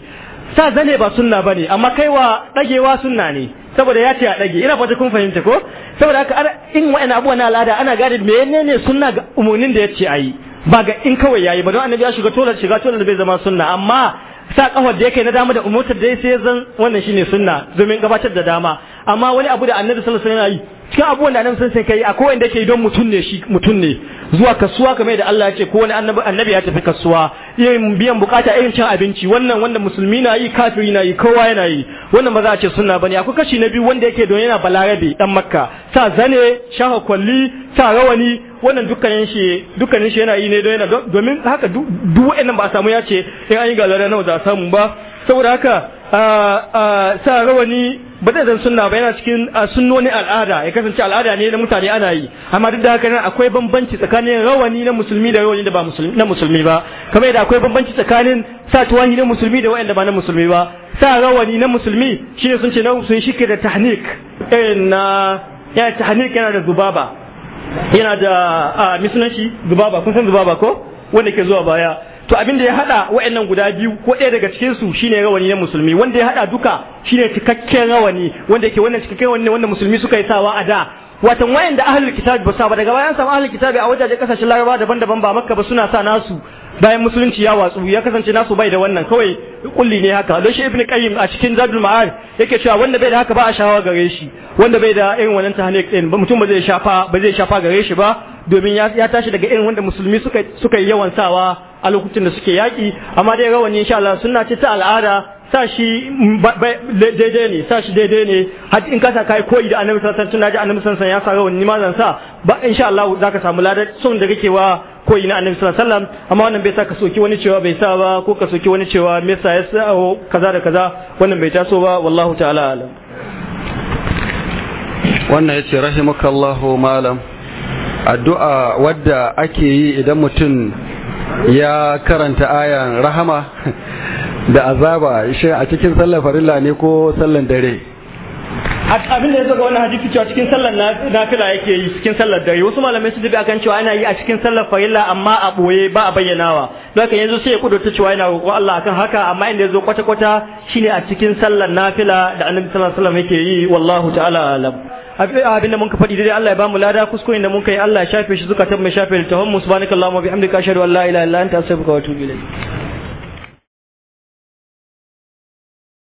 sa zane ba sunna bane amma kaiwa ɗagewa sunna ne saboda ya ce a ɗage ina fata kun fahimta ko saboda haka in wa'in abuwa na al'ada ana gane ne sunna ga umarnin da ya ce a yi, ba ga in kawai ya yi ba don annabi ya shiga tolar shiga tolar bai zama sunna amma sa kafar da kai na dama da umurtar da sai zan wannan shine sunna domin gabatar da dama amma wani abu da annabi sallallahu alaihi wasallam yi cikin abubuwan da annabi sallallahu alaihi wasallam kai akwai wanda yake don mutun ne shi mutun ne zuwa kasuwa kamar da Allah ya ce ko wani annabi annabi ya tafi kasuwa yayin biyan bukata irin cin abinci wannan wanda musulmi na yi kafiri na yi kowa yana yi wannan ba za a ce sunna bane akwai kashi na biyu wanda yake don yana balarabe dan makka sa zane shaha kwalli sa rawani wannan dukkanin shi dukkanin shi yana yi ne don yana domin haka duk wa'annan ba a samu ya ce in an yi galare nawa za a samu ba saboda haka sa rawani ba zai zan sunna ba yana cikin sunnoni al'ada ya kasance al'ada ne na mutane ana yi amma duk da haka nan akwai bambanci tsakanin rawani na musulmi da rawani da ba musulmi na musulmi ba kamar yadda akwai bambanci tsakanin sa tuwani na musulmi da wa'anda ba na musulmi ba sa rawani na musulmi shi ne sun ce na sun shike da tahnik irin na ya tahnik yana da zubaba yana da misunanci zubaba kun san zubaba ko wanda ke zuwa baya to abin da ya hada wa'annan guda biyu ko ɗaya daga cikin su shine rawani na musulmi wanda ya hada duka shine cikakken rawani wanda yake wannan cikakken rawani ne wanda musulmi suka yi sawa a da watan wayan da ahlul kitab ba sa ba daga bayan samu ahlul kitab a wajajen kasashen laraba daban-daban ba makka ba suna sa nasu bayan musulunci ya watsu ya kasance nasu bai da wannan kawai kulli ne haka don shi ibn qayyim a cikin zadul ma'ad yake cewa wanda bai da haka ba a shawa gare shi wanda bai da irin wannan tahnik din ba mutum ba zai shafa ba zai shafa gare shi ba domin ya tashi daga irin wanda musulmi suka suka yawan sawa a lokacin da suke yaki amma dai rawani insha Allah sunna ce ta al'ada sa shi daidai ne sa shi daidai ne har in kasa kai koyi da annabi sallallahu alaihi wasallam tunaji annabi sallallahu alaihi wasallam ya sa rawani mazan sa ba insha Allah zaka samu ladar son da kake wa koyi na annabi sallallahu alaihi wasallam amma wannan bai sa ka soki wani cewa bai sa ba ko ka soki wani cewa me yasa ya sa kaza da kaza wannan bai taso ba wallahu ta'ala alam wannan yace rahimakallahu malam addu'a wadda ake yi idan mutum ya karanta ayan rahama da azaba shi a cikin sallar farilla ne ko sallar dare abin da ya zo ga wannan hadisi cewa cikin sallar nafila yake yi cikin sallar dare wasu malamai su dubi akan cewa ana yi a cikin sallar farilla amma a boye ba a bayyanawa don haka yanzu sai ya kudurta cewa yana roƙo Allah akan haka amma inda ya zo kwata kwata shine a cikin sallar nafila da annabi sallallahu alaihi wasallam yake yi wallahu ta'ala alam abin da muka faɗi dai Allah ya bamu lada kuskure da muka yi Allah ya shafe shi zukatan mai shafe da tahon subhanakallahumma wa bihamdika ashhadu an la ilaha illa anta astaghfiruka wa atubu ilayk